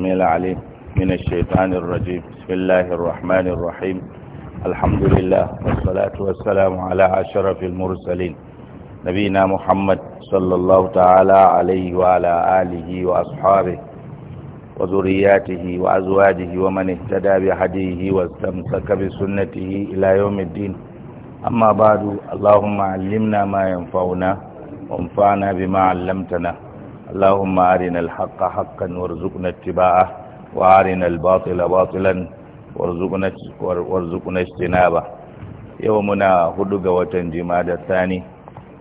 السميع العليم من الشيطان الرجيم بسم الله الرحمن الرحيم الحمد لله والصلاة والسلام على أشرف المرسلين نبينا محمد صلى الله تعالى عليه وعلى آله وأصحابه وذرياته وأزواجه ومن اهتدى بهديه واستمسك بسنته إلى يوم الدين أما بعد اللهم علمنا ما ينفعنا وانفعنا بما علمتنا اللهم أرنا الحق حقا وارزقنا اتباعه وأرنا الباطل باطلا وارزقنا وارزقنا اجتنابه يومنا هدوغ وتنجماد الثاني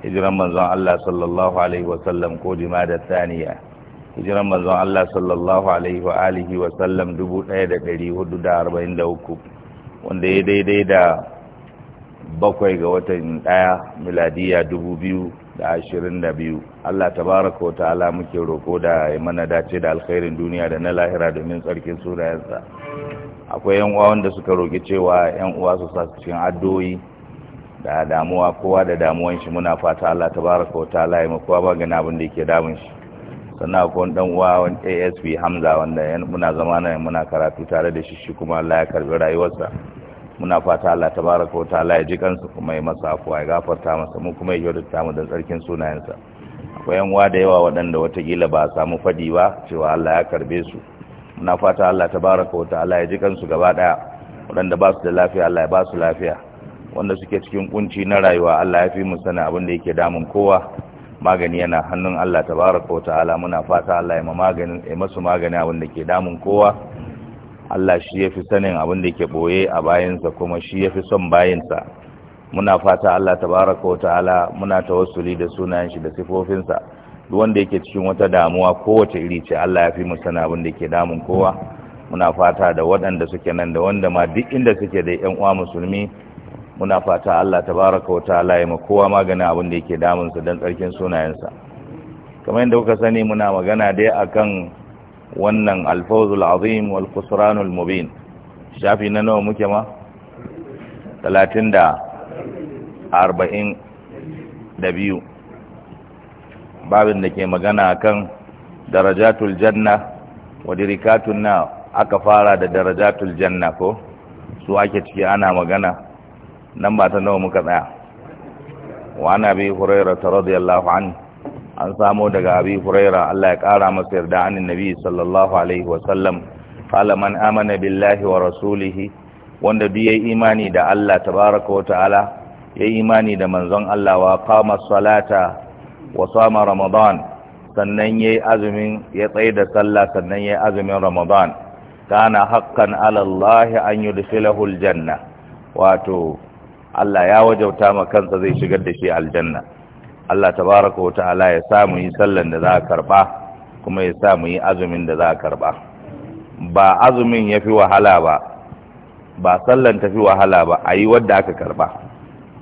hijiran manzon Allah sallallahu alaihi wasallam ko jimada saniya hijiran manzon Allah sallallahu alaihi wa alihi wasallam 1443 wanda ya daidai da bakwai ga watan ɗaya miladiya 2000 da ashirin da biyu Allah tabaraka wa ta'ala muke roko da mana dace da alkhairin duniya da na lahira domin tsarkin surayensa akwai yan uwa wanda suka roki cewa yan uwa su sa cikin addu'o'i da damuwa kowa da damuwan shi muna fata Allah tabaraka wa ta'ala ya ba gani abin da yake damun shi sannan akwai wani dan uwa wani ASP Hamza wanda muna zama nan muna karatu tare da shi shi kuma Allah ya karbi rayuwarsa muna fata Allah tabaraka wa ta'ala ya ji kansu kuma ya masa afuwa ya gafarta masa mu kuma ya kyautata mu da tsarkin sunayensa akwai yan uwa da yawa waɗanda watakila ba a samu fadi ba cewa Allah ya karbe su muna fata Allah tabaraka wa ta'ala ya ji kansu gaba daya waɗanda ba su da lafiya Allah ya ba su lafiya wanda suke cikin kunci na rayuwa Allah ya fi mu sana abin da yake damun kowa magani yana hannun Allah tabaraka wa ta'ala muna fata Allah ya ma magani ya masu magani abin da ke damun kowa Allah shi ya fi sanin abin da ke boye a bayansa kuma shi ya fi son bayansa muna fata Allah tabaraka wa ta'ala muna tawassuli da sunayen shi da sifofinsa duk wanda yake cikin wata damuwa kowace iri ce Allah ya fi mu sanin abin da ke damun kowa muna fata da waɗanda suke nan da wanda ma duk inda suke da ƴan uwa musulmi muna fata Allah tabaraka wa ta'ala ya ma kowa maganin abin da yake damunsa don tsarkin sunayensa kamar yadda kuka sani muna magana dai akan wannan alfawzul azim wal mubin shafi na nawa muke ma 30 da da biyu babin da ke magana kan darajatul janna wa dirikatun na aka fara da darajatul janna ko su ake ciki ana magana nan ba ta nawa muka tsaya wa ana bi hurairah radiyallahu anhu an samo daga abi huraira Allah ya kara masa yarda anin nabi sallallahu alaihi wasallam qala man amana billahi wa rasulihi wanda duk yayi imani da Allah tabaaraka wa ta'ala yayi imani da manzon Allah wa qama salata wa sama ramadan sannan yayi azumin ya tsaida sallah sannan yayi azumin ramadan kana haqqan ala Allah an yudkhilahu aljanna wato Allah ya wajauta ma kansa zai shigar da shi aljanna Allah tabaraka wa ta'ala ya sa mu yi sallan da za a karba kuma ya sa mu yi azumin da za a karba ba azumin ya fi wahala ba ba sallan ta fi wahala ba a yi wadda aka karba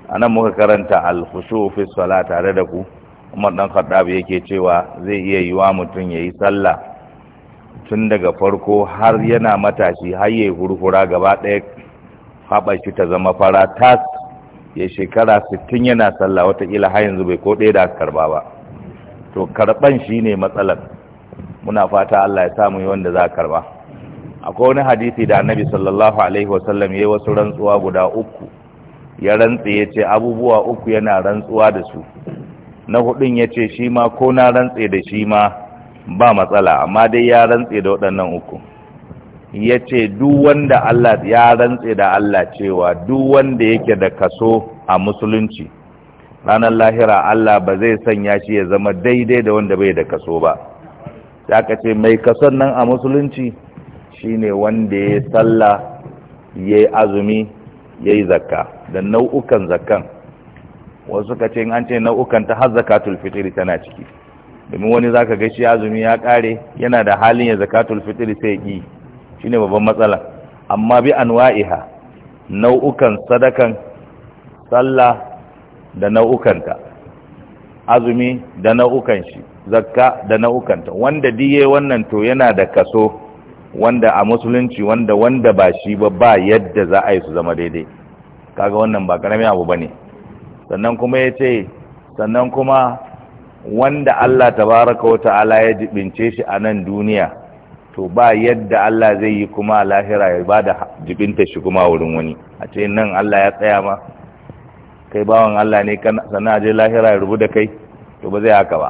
a nan muka karanta alkhushu fi sala tare da ku umar dan kaddabi yake cewa zai iya yi wa mutum ya yi sallah tun daga farko har yana matashi har yayi hurhura gaba ɗaya haɓa shi ta zama fara tas ya shekara 60 yana sallah wataƙila har yanzu bai ko ɗaya da karba ba to karban shine matsalar muna fata Allah ya samu yi wanda za a karba akwai wani hadisi da annabi sallallahu alaihi wasallam ya yi wasu rantsuwa guda uku ya rantse ya ce abubuwa uku yana rantsuwa da su na hudun ya ce shi ma ko na rantse da shi ma ba matsala amma dai ya rantse da waɗannan uku ya ce duk wanda Allah ya rantse da Allah cewa duk wanda yake da kaso a musulunci ranar lahira Allah ba zai sanya shi ya zama daidai da wanda bai da kaso ba ya ka ce mai kason nan a musulunci shine wanda ya sallah ya azumi ya yi zakka da nau'ukan zakkan wasu ka ce an ce nau'ukan ta har zakatul fitiri tana ciki domin wani zaka ga shi azumi ya kare yana da halin ya zakatul fitiri sai yi shine babban matsala amma bi anwa'iha nau'ukan sadakan sallah da nau'ukanta azumi da nau'ukan shi zakka da nau'ukanta wanda diye wannan to yana da kaso wanda a musulunci wanda wanda ba shi ba ba yadda za a yi su zama daidai kaga wannan ba karami abu bane sannan kuma yace sannan kuma wanda Allah tabaraka wa ta'ala ya jibince shi a nan duniya to ba yadda Allah zai yi kuma lahira ya bada jibinta shi kuma wurin wani a ce nan Allah ya tsaya ma kai bawan Allah ne sannan je lahira ya rubu da kai to ba zai haka ba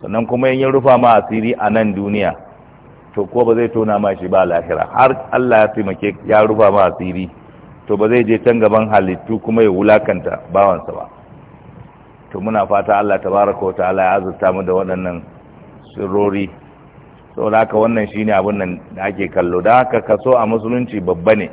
sannan kuma yin rufa ma asiri a nan duniya to ko ba zai tona ma shi ba lahira har Allah ya taimake ya rufa ma asiri to ba zai je can gaban halittu kuma ya wulakanta bawansa ba to muna fata Allah tabaraka wa ta'ala ya azurta mu da waɗannan sirrori da haka wannan shine abin nan da ake kallo da haka kaso a musulunci babba ne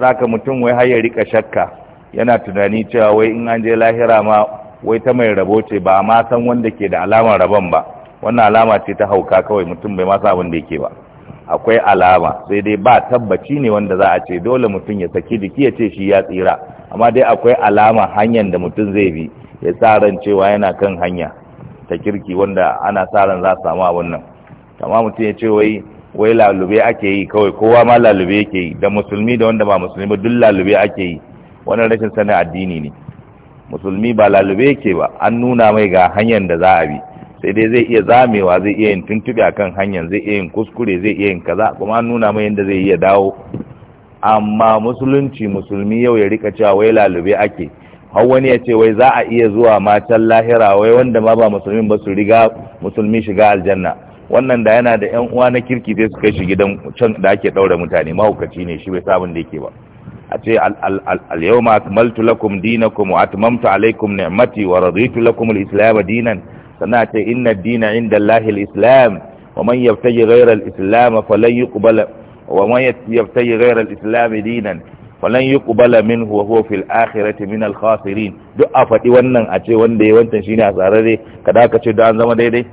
da haka mutum wai har ya rika shakka yana tunani cewa wai in an je lahira ma wai ta mai rabo ce ba ma san wanda ke da alamar rabon ba wannan alama ce ta hauka kawai mutum bai masa abin da yake ba akwai alama sai dai ba tabbaci ne wanda za a ce dole mutum ya saki jiki ya ce shi ya tsira amma dai akwai alama hanyar da mutum zai bi ya sa ran cewa yana kan hanya ta kirki wanda ana sa ran za a samu abin nan kama mutum ya ce wai wai lalube ake yi kawai kowa ma lalube yake yi da musulmi da wanda ba musulmi ba duk lalube ake yi wannan rashin sanin addini ne musulmi ba lalube yake ba an nuna mai ga hanyar da za a bi sai dai zai iya zamewa zai iya yin tuntuɓe akan hanyar zai iya yin kuskure zai iya yin kaza kuma an nuna mai yadda zai iya dawo amma musulunci musulmi yau ya rika cewa wai lalube ake har wani ya ce wai za a iya zuwa matan lahira wai wanda ma ba musulmin ba su riga musulmi shiga aljanna wannan da yana da yan uwa na kirki sai su kai shi gidan can da ake daura mutane mahaukaci ne shi bai sabon da yake ba a ce al-yawma akmaltu lakum dinakum wa atmamtu alaykum ni'mati wa raditu lakum al-islam dinan sana ce inna ad-dina 'inda Allahi al-islam wa man yabtaji ghayra al-islam lan yuqbal wa man yabtaji ghayra al-islam dinan lan yuqbala minhu wa huwa fil akhirati min al khasirin duk a faɗi wannan a ce wanda ya wancan shine a dai kada ka ce da an zama daidai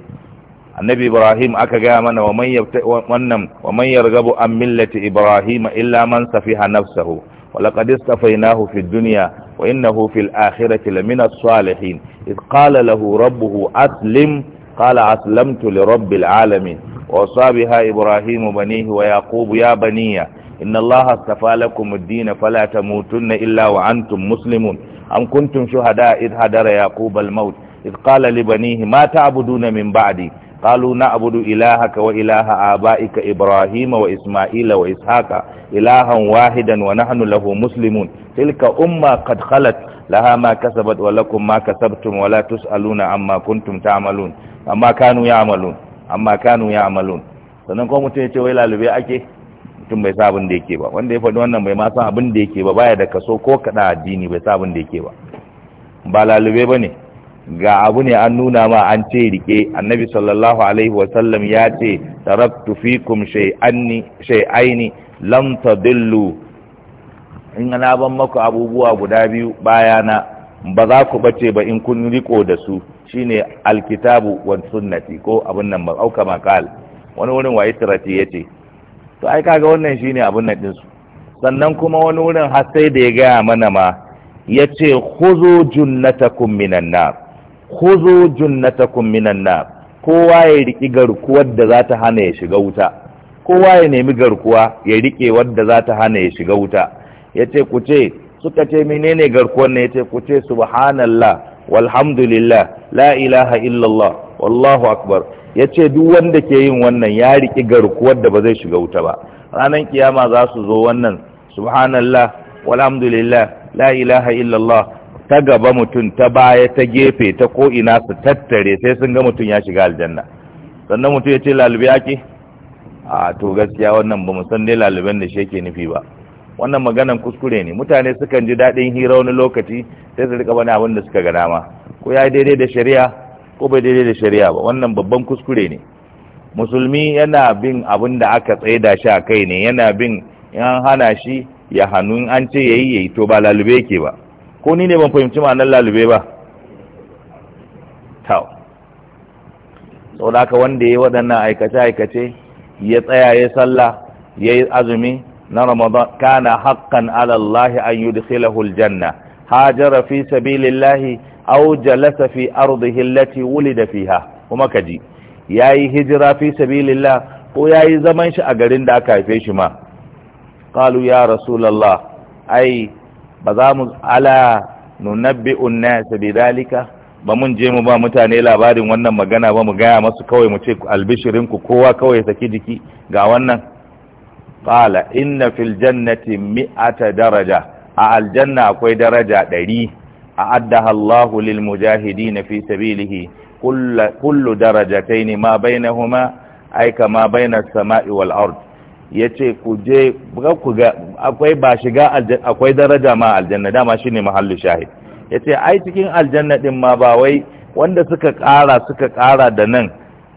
annabi ibrahim aka gaya mana wa man wannan wa man an millati ibrahim illa man safiha nafsahu wa laqad istafainahu fid dunya wa innahu fil akhirati lamina as-salihin id qala lahu rabbuhu aslim qala aslamtu li rabbil alamin wa sabiha ibrahim banihi wa yaqub ya baniya inna allaha astafa lakum ad-din fala tamutunna illa wa antum muslimun am kuntum shuhada id hadara yaqub al-maut إذ قال لبنيه ما تعبدون min بعدي قالوا نعبد إلهك وإله آبائك إبراهيم وإسماعيل وإسحاق إلها واحدا ونحن له مسلمون تلك أمة قد خلت لها ما كسبت ولكم ما كسبتم ولا تسألون عما كنتم تعملون أما كانوا يعملون أما كانوا يعملون sannan kuma mutum ya ce wai lalube ake mutum bai sa da yake ba wanda ya faɗi wannan bai ma san abin da yake ba baya da kaso ko kaɗa addini bai sa da yake ba ba lalube ba ne ga abu ne an nuna ma an ce rike annabi sallallahu alaihi wasallam ya ce taraktu fikum shay'aini lam tadillu in ana ban maku abubuwa guda biyu bayana ba za ku bace ba in kun riko da su shine alkitabu wa sunnati ko abun nan ba auka makal wani wurin waye tirati yace to ai kaga wannan shine abun nan din su sannan kuma wani wurin har sai da ya gaya mana ma yace khuzu junnatakum minan nar khuzu junnatakum minan nar kowa ya riki garkuwar da za ta hana ya shiga wuta kowa ya nemi garkuwa ya rike wadda za ta hana ya shiga wuta yace ku ce suka ce menene garkuwar ne yace ku ce subhanallah walhamdulillah la ilaha illallah wallahu akbar yace duk wanda ke yin wannan ya riki garkuwar da ba zai shiga wuta ba Ranan kiyama za su zo wannan subhanallah walhamdulillah la ilaha illallah ta gaba mutum ta baya ta gefe ta ko ina su tattare sai sun ga mutum ya shiga aljanna sannan mutum ya ce lalube ake a to gaskiya wannan ba san dai laluben da shi yake nufi ba wannan maganan kuskure ne mutane sukan ji daɗin hira wani lokaci sai su rika wani abin da suka ga dama ko ya daidai da shari'a ko bai daidai da shari'a ba wannan babban kuskure ne musulmi yana bin abin da aka tsaida shi a kai ne yana bin in an hana shi ya hannu an ce yayi yayi to ba lalube yake ba ko ni ne ban fahimci ma'anar lalube ba tau sau da aka wanda ya yi waɗannan aikace-aikace ya tsaya ya sallah ya yi azumi na ramadan kana haƙƙan alallahi an yi dukhilahul janna hajara fi lillahi au jalasa fi hillaci wuli da fiha kuma ka ji ya yi hijira fi lillahi ko ya yi zaman shi a garin da aka haife shi ma ƙalu ya rasulullah ai ba za mu ala nunabbi'un nas bidalika ba mun je mu ba mutane labarin wannan magana ba mu gaya masu kawai mu ce albishirin ku kowa kawai saki jiki ga wannan qala inna fil jannati mi'ata daraja a aljanna akwai daraja ɗari a addaha Allah lil mujahidin fi sabilihi kullu darajatayn ma bainahuma ay kama bainas sama'i wal ard ya ce ku je ku ga akwai ba shiga akwai daraja ma aljanna dama shi ne mahallu shahid ya ce ai cikin aljanna din ma ba wai wanda suka kara suka kara da nan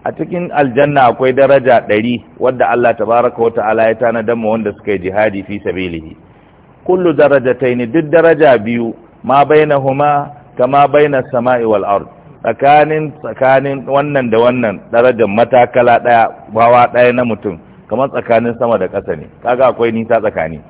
a cikin aljanna akwai daraja ɗari wadda Allah tabaraka wa ta'ala ya tana damma wanda suka yi jihadi fi sabilihi kullu darajataini duk daraja biyu ma huma kama baina sama'i wal ard tsakanin tsakanin wannan da wannan darajar matakala daya bawa daya na mutum kamar tsakanin sama da ƙasa ne kaga akwai nisa tsakani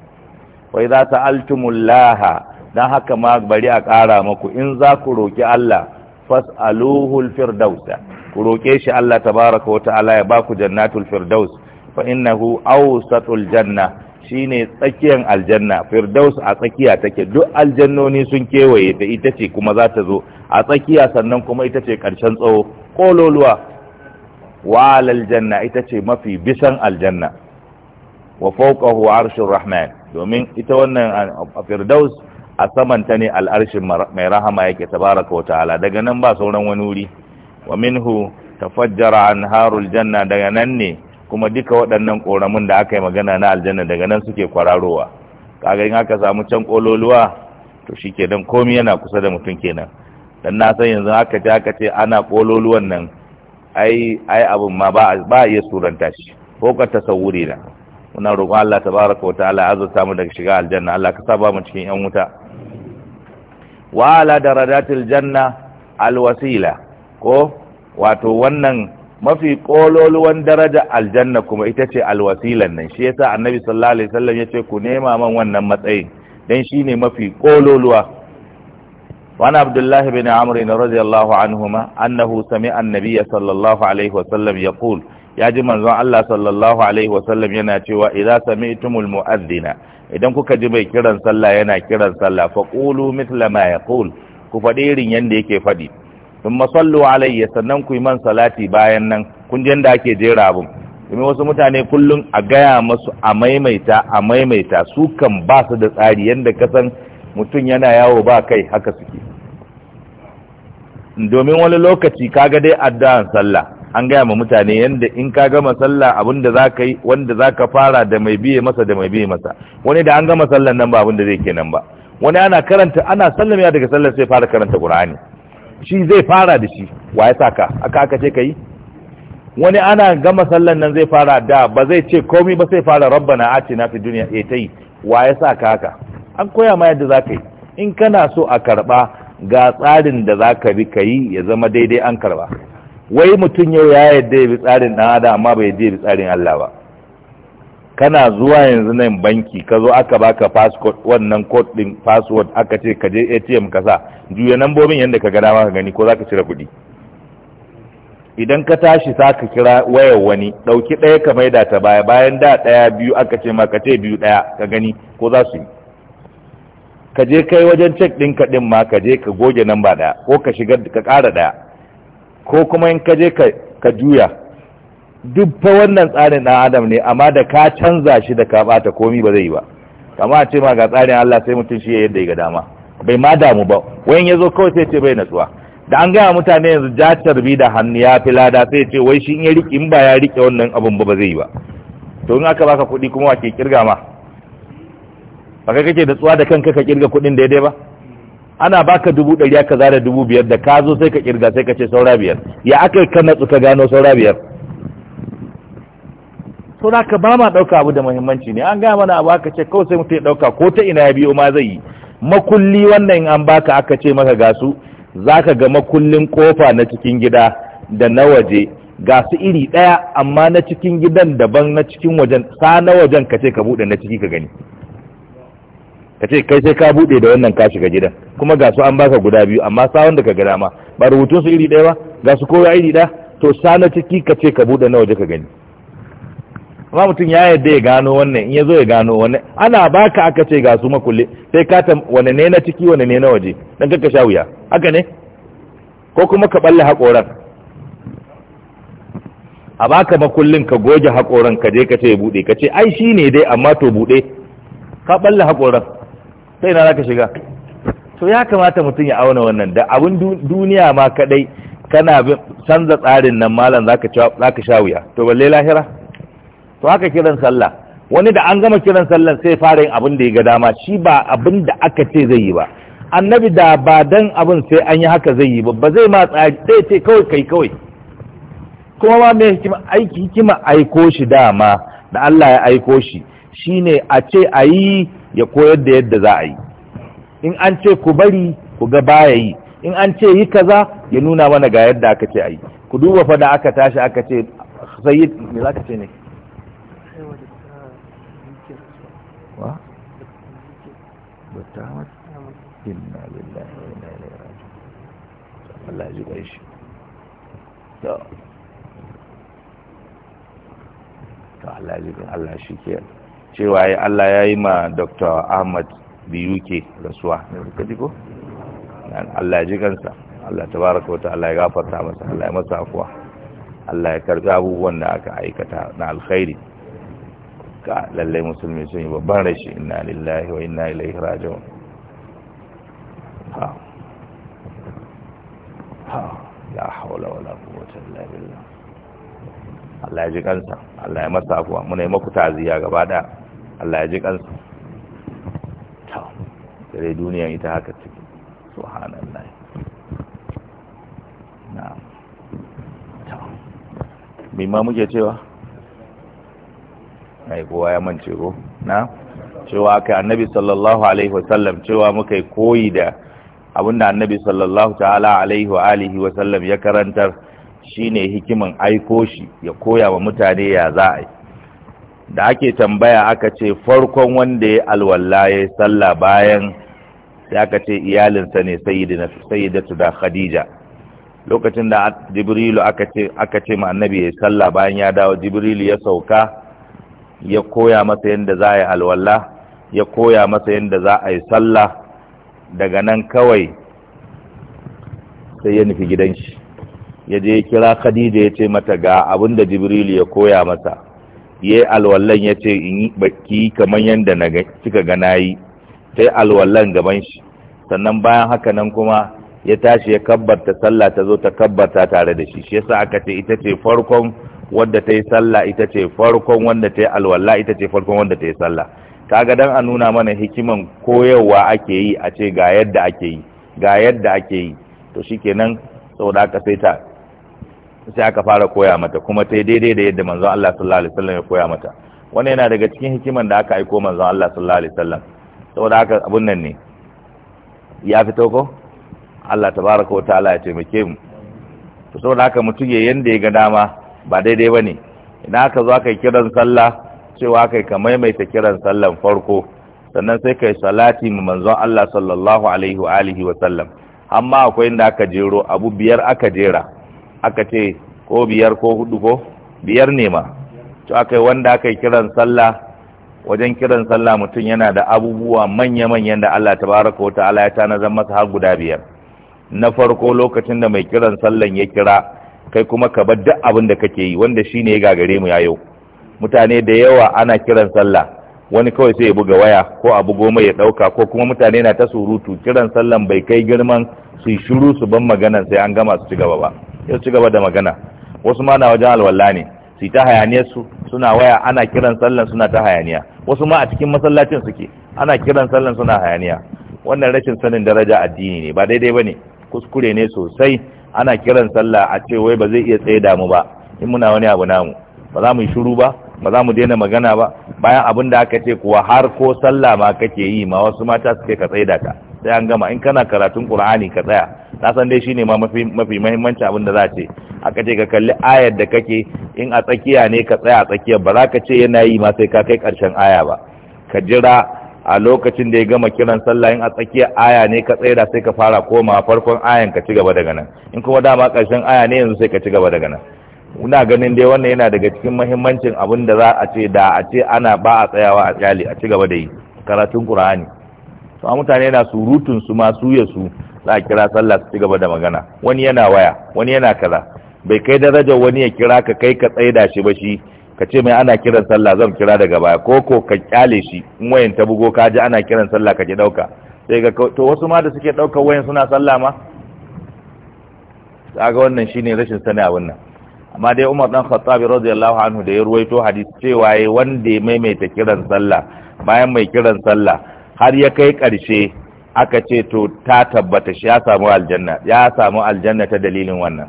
wai za ta altumullaha don haka ma bari a ƙara maku in za ku roƙi Allah fas'aluhul firdausa ku roƙe shi Allah tabaraka wata'ala ya baku jannatul firdaus fa innahu awsatul janna shine tsakiyar aljanna firdaus a tsakiya take duk aljannoni sun kewaye da ita ce kuma za ta zo a tsakiya sannan kuma ita ce ƙarshen tsawo ƙololuwa walal janna ita ce mafi bisan aljanna wa fawqahu arshur rahman domin ita wannan firdaus a saman ta ne al'arshin mai rahama yake tabaraka wa ta'ala daga nan ba sauran wani wuri wa minhu tafajjara anharul janna daga nan ne kuma duka waɗannan ƙoramin da aka yi magana na aljanna daga nan suke kwararowa kaga in aka samu can ƙololuwa to shi ke dan komai yana kusa da mutum kenan dan na san yanzu aka ce aka ce ana ƙololuwan nan ai ai abin ma ba a iya suranta shi ko ka tasawuri na muna roƙon Allah tabaraka wa ta'ala azurta mu daga shiga aljanna Allah ka saba mu cikin yan wuta wa ala daradatil janna alwasila ko wato wannan mafi kololuwan daraja aljanna kuma ita ce alwasilan nan shi yasa annabi sallallahu alaihi wasallam yace ku nema man wannan matsayin dan shine mafi kololuwa وعن عبد الله بن عمرو رضي الله عنهما أنه سمع النبي صلى الله عليه وسلم يقول ya ji manzon Allah sallallahu alaihi wasallam yana cewa idza sami'tumul mu'adhdhina idan kuka ji mai kiran sallah yana kiran sallah fa qulu mithla ma yaqul ku faɗi irin yanda yake faɗi thumma sallu alayya sannan ku man salati bayan nan kun ji yanda ake jera abun wasu mutane kullum a gaya masu a maimaita a maimaita su kan basu da tsari yanda kasan mutum yana yawo ba kai haka suke domin wani lokaci kaga dai addu'an sallah an gaya ma mutane yadda in ka gama sallah abin da za ka yi wanda za ka fara da mai biye masa da mai biye masa wani da an gama sallah nan ba abin da zai nan ba wani ana karanta ana sallamiya daga sallar sai fara karanta qur'ani shi zai fara da shi wa ya saka aka aka ce kai wani ana gama sallan nan zai fara da ba zai ce komai ba sai fara rabbana atina fi dunya eh tai wa ya saka haka an koya ma yadda za ka yi in kana so a karba ga tsarin da za ka bi ka yi ya zama daidai an karba wai mutum yau ya yadda ya bi tsarin ɗan adam amma bai yadda ya bi tsarin Allah ba kana zuwa yanzu nan banki ka zo aka baka passport wannan code din password aka ce ka je ATM ka sa juya nambobin yanda ka gada ma ka gani ko za ka cire kuɗi idan ka tashi za ka kira wayar wani ɗauki ɗaya ka maida ta baya bayan da ɗaya biyu aka ce ma ka ce biyu ɗaya ka gani ko za su yi ka je kai wajen cek din ka din ma ka je ka goge nan ba daya ko ka shiga ka ƙara daya ko kuma in ka je ka juya duk fa wannan tsarin dan adam ne amma da ka canza shi da ka bata komi ba zai yi ba kama a ce ma ga tsarin Allah sai mutum shi ya yadda ya dama bai ma damu ba wayan zo kawai sai ce bai natsuwa da an gaya mutane yanzu jatar bi da hannu ya fi lada sai ce wai shi in ya riƙe in ba ya riƙe wannan abun ba ba zai yi ba to in aka baka kuɗi kuma wa ke kirga ma ba kai kake da tsuwa da kanka ka kirga kuɗin daidai ba ana baka dubu ɗari aka zara dubu biyar da ka zo sai ka kirga sai ka ce saura biyar ya aka ka natsu ka gano saura biyar so da ka ba ma ɗauka abu da muhimmanci ne an gaya mana abu aka ce kawai sai mutum ya ɗauka ko ta ina ya biyo ma zai yi makulli wannan an baka aka ce maka gasu za ka ga makullin kofa na cikin gida da na waje ga su iri ɗaya amma na cikin gidan daban na cikin wajen sa na wajen ka ce ka buɗe na ciki ka gani ka ce kai sai ka buɗe da wannan ka shiga gidan kuma ga su an baka guda biyu amma sawon da ka ga dama ba rubutun su iri ɗaya ba ga su kowa iri ɗaya to sana ciki ka ce ka buɗe na waje ka gani amma mutum ya yarda ya gano wannan in ya zo ya gano wannan ana baka aka ce ga su makulle sai ka ta wani ne na ciki wani ne na waje dan ka sha wuya haka ne ko kuma ka balle haƙoran a baka makullin ka goge haƙoran ka je ka ce bude ka ce ai shine dai amma to bude ka balle haƙoran. sai na zaka shiga to ya kamata mutum ya auna wannan da abun duniya ma kadai kana canza tsarin nan malam zaka zaka sha wuya to balle lahira to haka kiran sallah wani da an gama kiran sallah sai fara yin abin da ya ga dama shi ba abin da aka ce zai yi ba annabi da ba dan abin sai an yi haka zai yi ba ba zai ma tsari sai ce kawai kai kawai kuma ma mai hikima aiki hikima aiko shi dama da Allah ya aiko shi shine a ce a yi ya koyar da yadda za a yi in an ce ku bari ku ga baya yi in an ce yi kaza ya nuna mana ga yadda aka ce a yi ku duba fada aka tashi aka ce sai me za ka ce ne Allah shi ke. cewa ya Allah ya yi ma Dr. Ahmad Biyuke rasuwa ne suka ko? Allah ya ji kansa Allah ta baraka wata Allah ya gafarta masa Allah ya masa afuwa Allah ya karɓi abubuwan da aka aikata na alkhairi ka lallai musulmi sun yi babban rashi inna lillahi wa inna ilaihi raji'un ha ha la hawla wala quwwata illa Allah ya ji kansa Allah ya masa afuwa muna yi makuta ziya gaba daya Allah ya ji kansu ta dare duniya ita haka ciki hannun na ta mimma muke cewa yi kowa ya mance ko na cewa kai annabi sallallahu alaihi wasallam cewa muka yi koyi da abinda annabi sallallahu ta'ala alaihi wa alihi wasallam ya karantar shine hikiman aiko shi ya koya wa mutane ya za a yi da ake tambaya aka ce farkon wanda ya alwalla ya yi salla bayan sai aka ce iyalinsa ne sayyidatu da khadija lokacin da jibrilu aka ce ma annabi ya salla bayan ya dawo jibrilu ya sauka ya koya masa yadda za a yi alwalla ya koya masa yadda za a yi salla daga nan kawai sai ya nufi gidan shi ya je kira khadija ya ce mata ga abin da jibrilu ya koya masa ya yi alwallon ya ce in yi baki kamar yadda na cika ga na yi ta yi alwallon gaban shi sannan bayan haka nan kuma ya tashi ya kabbarta sallah ta zo ta kabbarta tare da shi shi yasa aka ce ita ce farkon wanda ta yi sallah ita ce farkon wanda ta yi alwallah ita ce farkon wanda ta yi sallah kaga dan a nuna mana hikiman koyarwa ake yi a ce ga yadda ake yi ga yadda ake yi to shikenan saboda aka sai ta sai aka fara koya mata kuma ta daidai da yadda manzon Allah sallallahu alaihi wasallam ya koya mata wannan yana daga cikin hikiman da aka aika manzon Allah sallallahu alaihi wasallam saboda haka abun nan ne ya fito ko Allah tabaraka wa ta'ala ya taimake mu to saboda haka mutum ya yanda ya ga dama ba daidai bane idan aka zo aka kiran sallah cewa kai ka maimaita kiran sallan farko sannan sai kai salati mu manzon Allah sallallahu alaihi wa alihi wa sallam amma akwai inda aka jero abu biyar aka jera aka ce ko biyar ko hudu ko biyar ne ma to aka yi wanda aka yi kiran sallah wajen kiran sallah mutum yana da abubuwa manya-manyan da Allah tabaraka wa ta'ala ya zan masa har guda biyar na farko lokacin da mai kiran sallan ya kira kai kuma ka bar duk abin da kake yi wanda shine ya gagare mu yayo mutane da yawa ana kiran sallah wani kawai sai ya buga waya ko a bugo mai ya dauka ko kuma mutane na ta surutu kiran sallan bai kai girman su shiru su ban magana sai an gama su cigaba ba Ya su ci gaba da magana wasu ma na wajen alwala ne su ta hayaniyar su suna waya ana kiran sallan suna ta hayaniya wasu ma a cikin masallacin suke ana kiran sallan suna hayaniya wannan rashin sanin daraja addini ne ba daidai bane kuskure ne sosai ana kiran sallah a ce wai ba zai iya tsaye damu ba in muna wani abu namu ba za mu yi shiru ba ba za mu daina magana ba bayan abin da aka ce kuwa har ko sallah ma kake yi ma wasu mata suke ka tsaida ka sai an gama in kana karatun qur'ani ka tsaya na san dai shine ma mafi mafi muhimmanci abin da za ce aka ce ka kalli ayar da kake in a tsakiya ne ka tsaya a tsakiya ba za ka ce yana yi ma sai ka kai karshen aya ba ka jira a lokacin da ya gama kiran sallah in a tsakiya aya ne ka tsaida sai ka fara koma farkon ayan ka ci gaba daga nan in kuma dama karshen aya ne yanzu sai ka ci gaba daga nan muna ganin dai wannan yana daga cikin mahimmancin abin da za a ce da a ce ana ba a tsayawa a tsayali a ci gaba da yi karatun qur'ani to a mutane na surutun su ma su ya su za a kira sallah su ci gaba da magana wani yana waya wani yana kaza bai kai darajar wani ya kira ka kai ka tsaida shi ba shi ka ce mai ana kiran sallah zan kira daga baya ko ko ka kyale shi in wayan ta bugo ka ji ana kiran sallah ka ki dauka sai ga to wasu ma da suke daukar wayan suna sallah ma kaga wannan shine rashin sani a wannan amma dai Umar dan Khattab radiyallahu anhu da ya ruwaito hadisi cewa yayi wanda ya maimaita kiran sallah bayan mai kiran sallah har ya kai karshe aka ce to ta tabbata shi ya samu aljanna ya samu aljanna ta dalilin wannan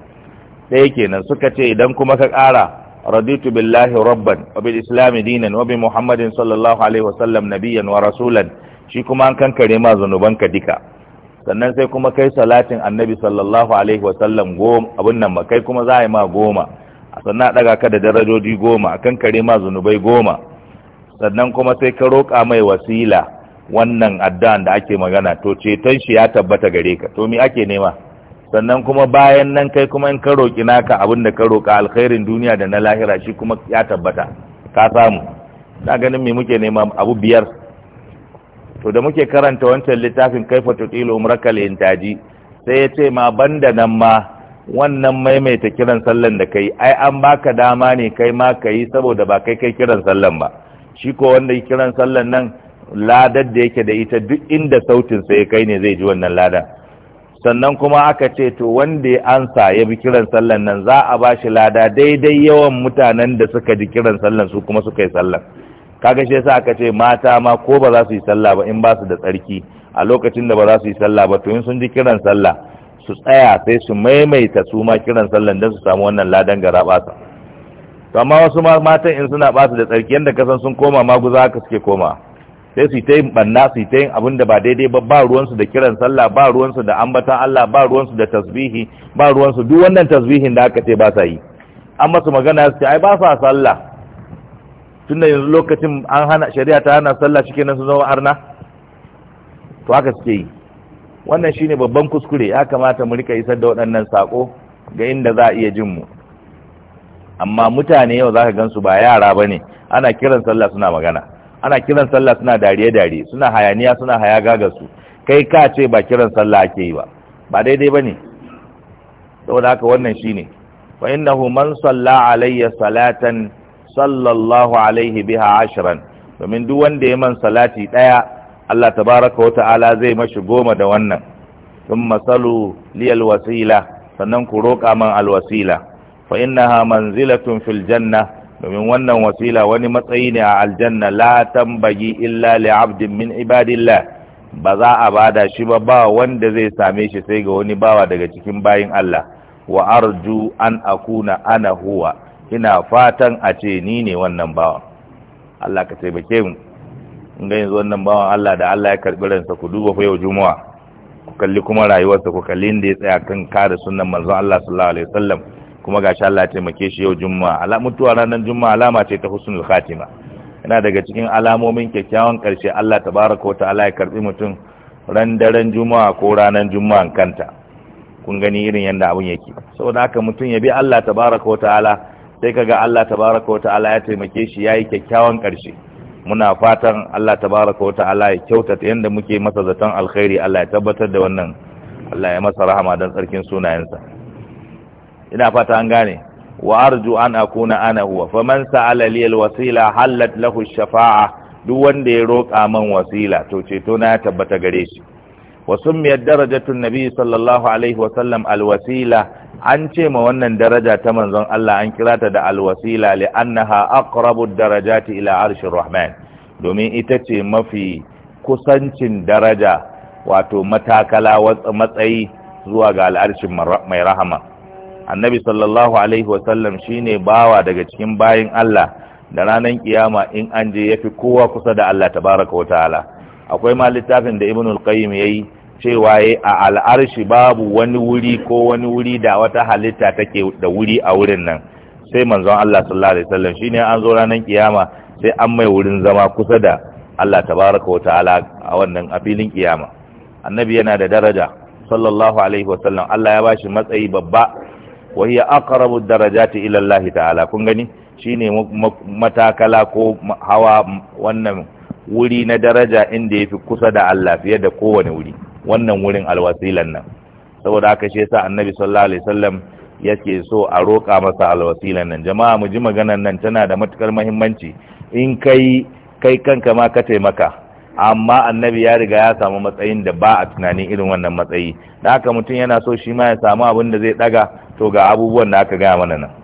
ɗaya kenan suka ce idan kuma ka ƙara raditu billahi rabban wa bil dinan wa bi muhammadin sallallahu alaihi wasallam nabiyyan wa rasulan shi kuma an kankare ma zanubanka duka sannan sai kuma kai salatin annabi sallallahu alaihi wasallam goma abin nan ba kai kuma za a yi ma goma sannan a ɗaga ka da darajoji goma a kan kare ma zunubai goma sannan kuma sai ka roƙa mai wasila wannan addu'an da ake magana to ceton shi ya tabbata gare ka to me ake nema sannan kuma bayan nan kai kuma in ka roƙi naka abin da ka roƙa alkhairin duniya da na lahira shi kuma ya tabbata ka samu na ganin me muke nema abu biyar to da muke karanta wancan littafin kaifa tutilu umrakal intaji sai ya ce ma banda nan ma wannan maimaita kiran sallan da kai ai an baka dama ne kai ma kai saboda ba kai kai kiran sallan ba shi ko wanda ya kiran sallan nan ladar da yake da ita duk inda sautin sai ya kai ne zai ji wannan ladar sannan kuma aka ce to wanda ya ansa ya bi kiran sallan nan za a bashi lada daidai yawan mutanen da suka ji kiran sallan su kuma suka yi sallan kaga shi yasa aka ce mata ma ko ba za su yi sallah ba in ba su da tsarki a lokacin da ba za su yi sallah ba to in sun ji kiran sallah su tsaya sai su maimaita su ma kiran sallah, dan su samu wannan ladan gara basa to amma wasu ma matan in suna basu da tsarki yanda kasan sun koma ma, guza haka suke koma sai su yi ta yin banna su yi ta yin abin da ba daidai ba ba ruwansu da kiran sallah ba ruwansu da ambatan Allah ba ruwan su da tasbihi ba su duk wannan tasbihin da aka ce ba sa yi an masu magana su ce ai ba sa sallah tunda yanzu lokacin an hana shari'a ta hana sallah cikin nan su zama arna to haka suke yi wannan shine babban kuskure ya kamata mu rika isar da waɗannan sako ga inda za a iya jin mu amma mutane yau zaka gansu ba yara bane ana kiran sallah suna magana ana kiran sallah suna dariye dariye suna hayaniya suna haya gagasu kai ka ce ba kiran sallah ake yi ba ba daidai bane saboda haka wannan shine fa innahu man salla alayya salatan sallallahu alaihi biha ashiran domin duk wanda ya man salati daya Allah tabaraka wata'ala zai mashi goma da wannan thumma salu li wasila sannan ku roƙa man alwasila fa innaha manzilatun fil janna domin wannan wasila wani matsayi ne a aljanna la tambagi illa li abdin min ibadillah ba za a bada shi ba ba wanda zai same shi sai ga wani bawa daga cikin bayin Allah wa arju an akuna ana huwa ina fatan a ce ni ne wannan bawa. Allah ka taimake mu in ga yanzu wannan bawan Allah da Allah ya karbi ransa ku duba fa yau juma'a ku kalli kuma rayuwarsa ku kalli inda ya tsaya kan kare sunan manzon Allah sallallahu alaihi wasallam kuma gashi Allah ya taimake shi yau juma'a ala mutuwa ranar juma'a alama ce ta husnul khatima Ina daga cikin alamomin kyakkyawan karshe Allah tabaraka wa ta'ala ya karbi mutum ran daren juma'a ko ranar juma'an kanta kun gani irin yanda abun yake saboda haka mutum ya bi Allah tabaraka wa ta'ala sai kaga Allah tabaraka wata'ala ya taimake shi yayi kyakkyawan karshe muna fatan Allah tabaraka wata'ala ya kyautata yanda muke masa zaton alkhairi Allah ya tabbatar da wannan Allah ya masa rahama dan tsarkin sunayensa ina fata an gane wa arju an akuna ana huwa faman sa'ala li alwasila halat lahu ash-shafa'a duk wanda ya roƙa man wasila to ceto na ya tabbata gare shi wasummiyar darajatun النبي صلى الله عليه وسلم an ce ma wannan daraja ta manzon Allah an kira ta da alwasila li annaha aqrabu darajati ila arshir rahman domin ita ce mafi kusancin daraja wato matakala matsayi zuwa ga al'arshin mai rahama annabi sallallahu alaihi wasallam shine bawa daga cikin bayin Allah da ranar kiyama in an je yafi kowa kusa da Allah tabaraka wa ta'ala akwai ma littafin da ibnul qayyim yayi cewa yayi a al'arshi babu wani wuri ko wani wuri da wata halitta take da wuri a wurin nan sai manzon Allah sallallahu alaihi wasallam shine an zo ranar kiyama sai an mai wurin zama kusa da Allah tabaraka wataala a wannan a kiyama annabi yana da daraja sallallahu alaihi wasallam Allah ya bashi matsayi babba wa hiya aqrabu darajati ila Allah ta'ala kun gani shine matakala ko hawa wannan wuri na daraja inda ya fi kusa da Allah fiye da kowane wuri wannan wurin alwasilan nan saboda aka shi yasa annabi sallallahu alaihi wasallam yake so a roƙa masa alwasilan nan jama'a mu ji maganar nan tana da matukar muhimmanci in kai kai kanka ma ka taimaka amma annabi ya riga ya samu matsayin da ba a tunanin irin wannan matsayi da haka mutum yana so shi ma ya samu abin da zai daga to ga abubuwan da aka gaya mana nan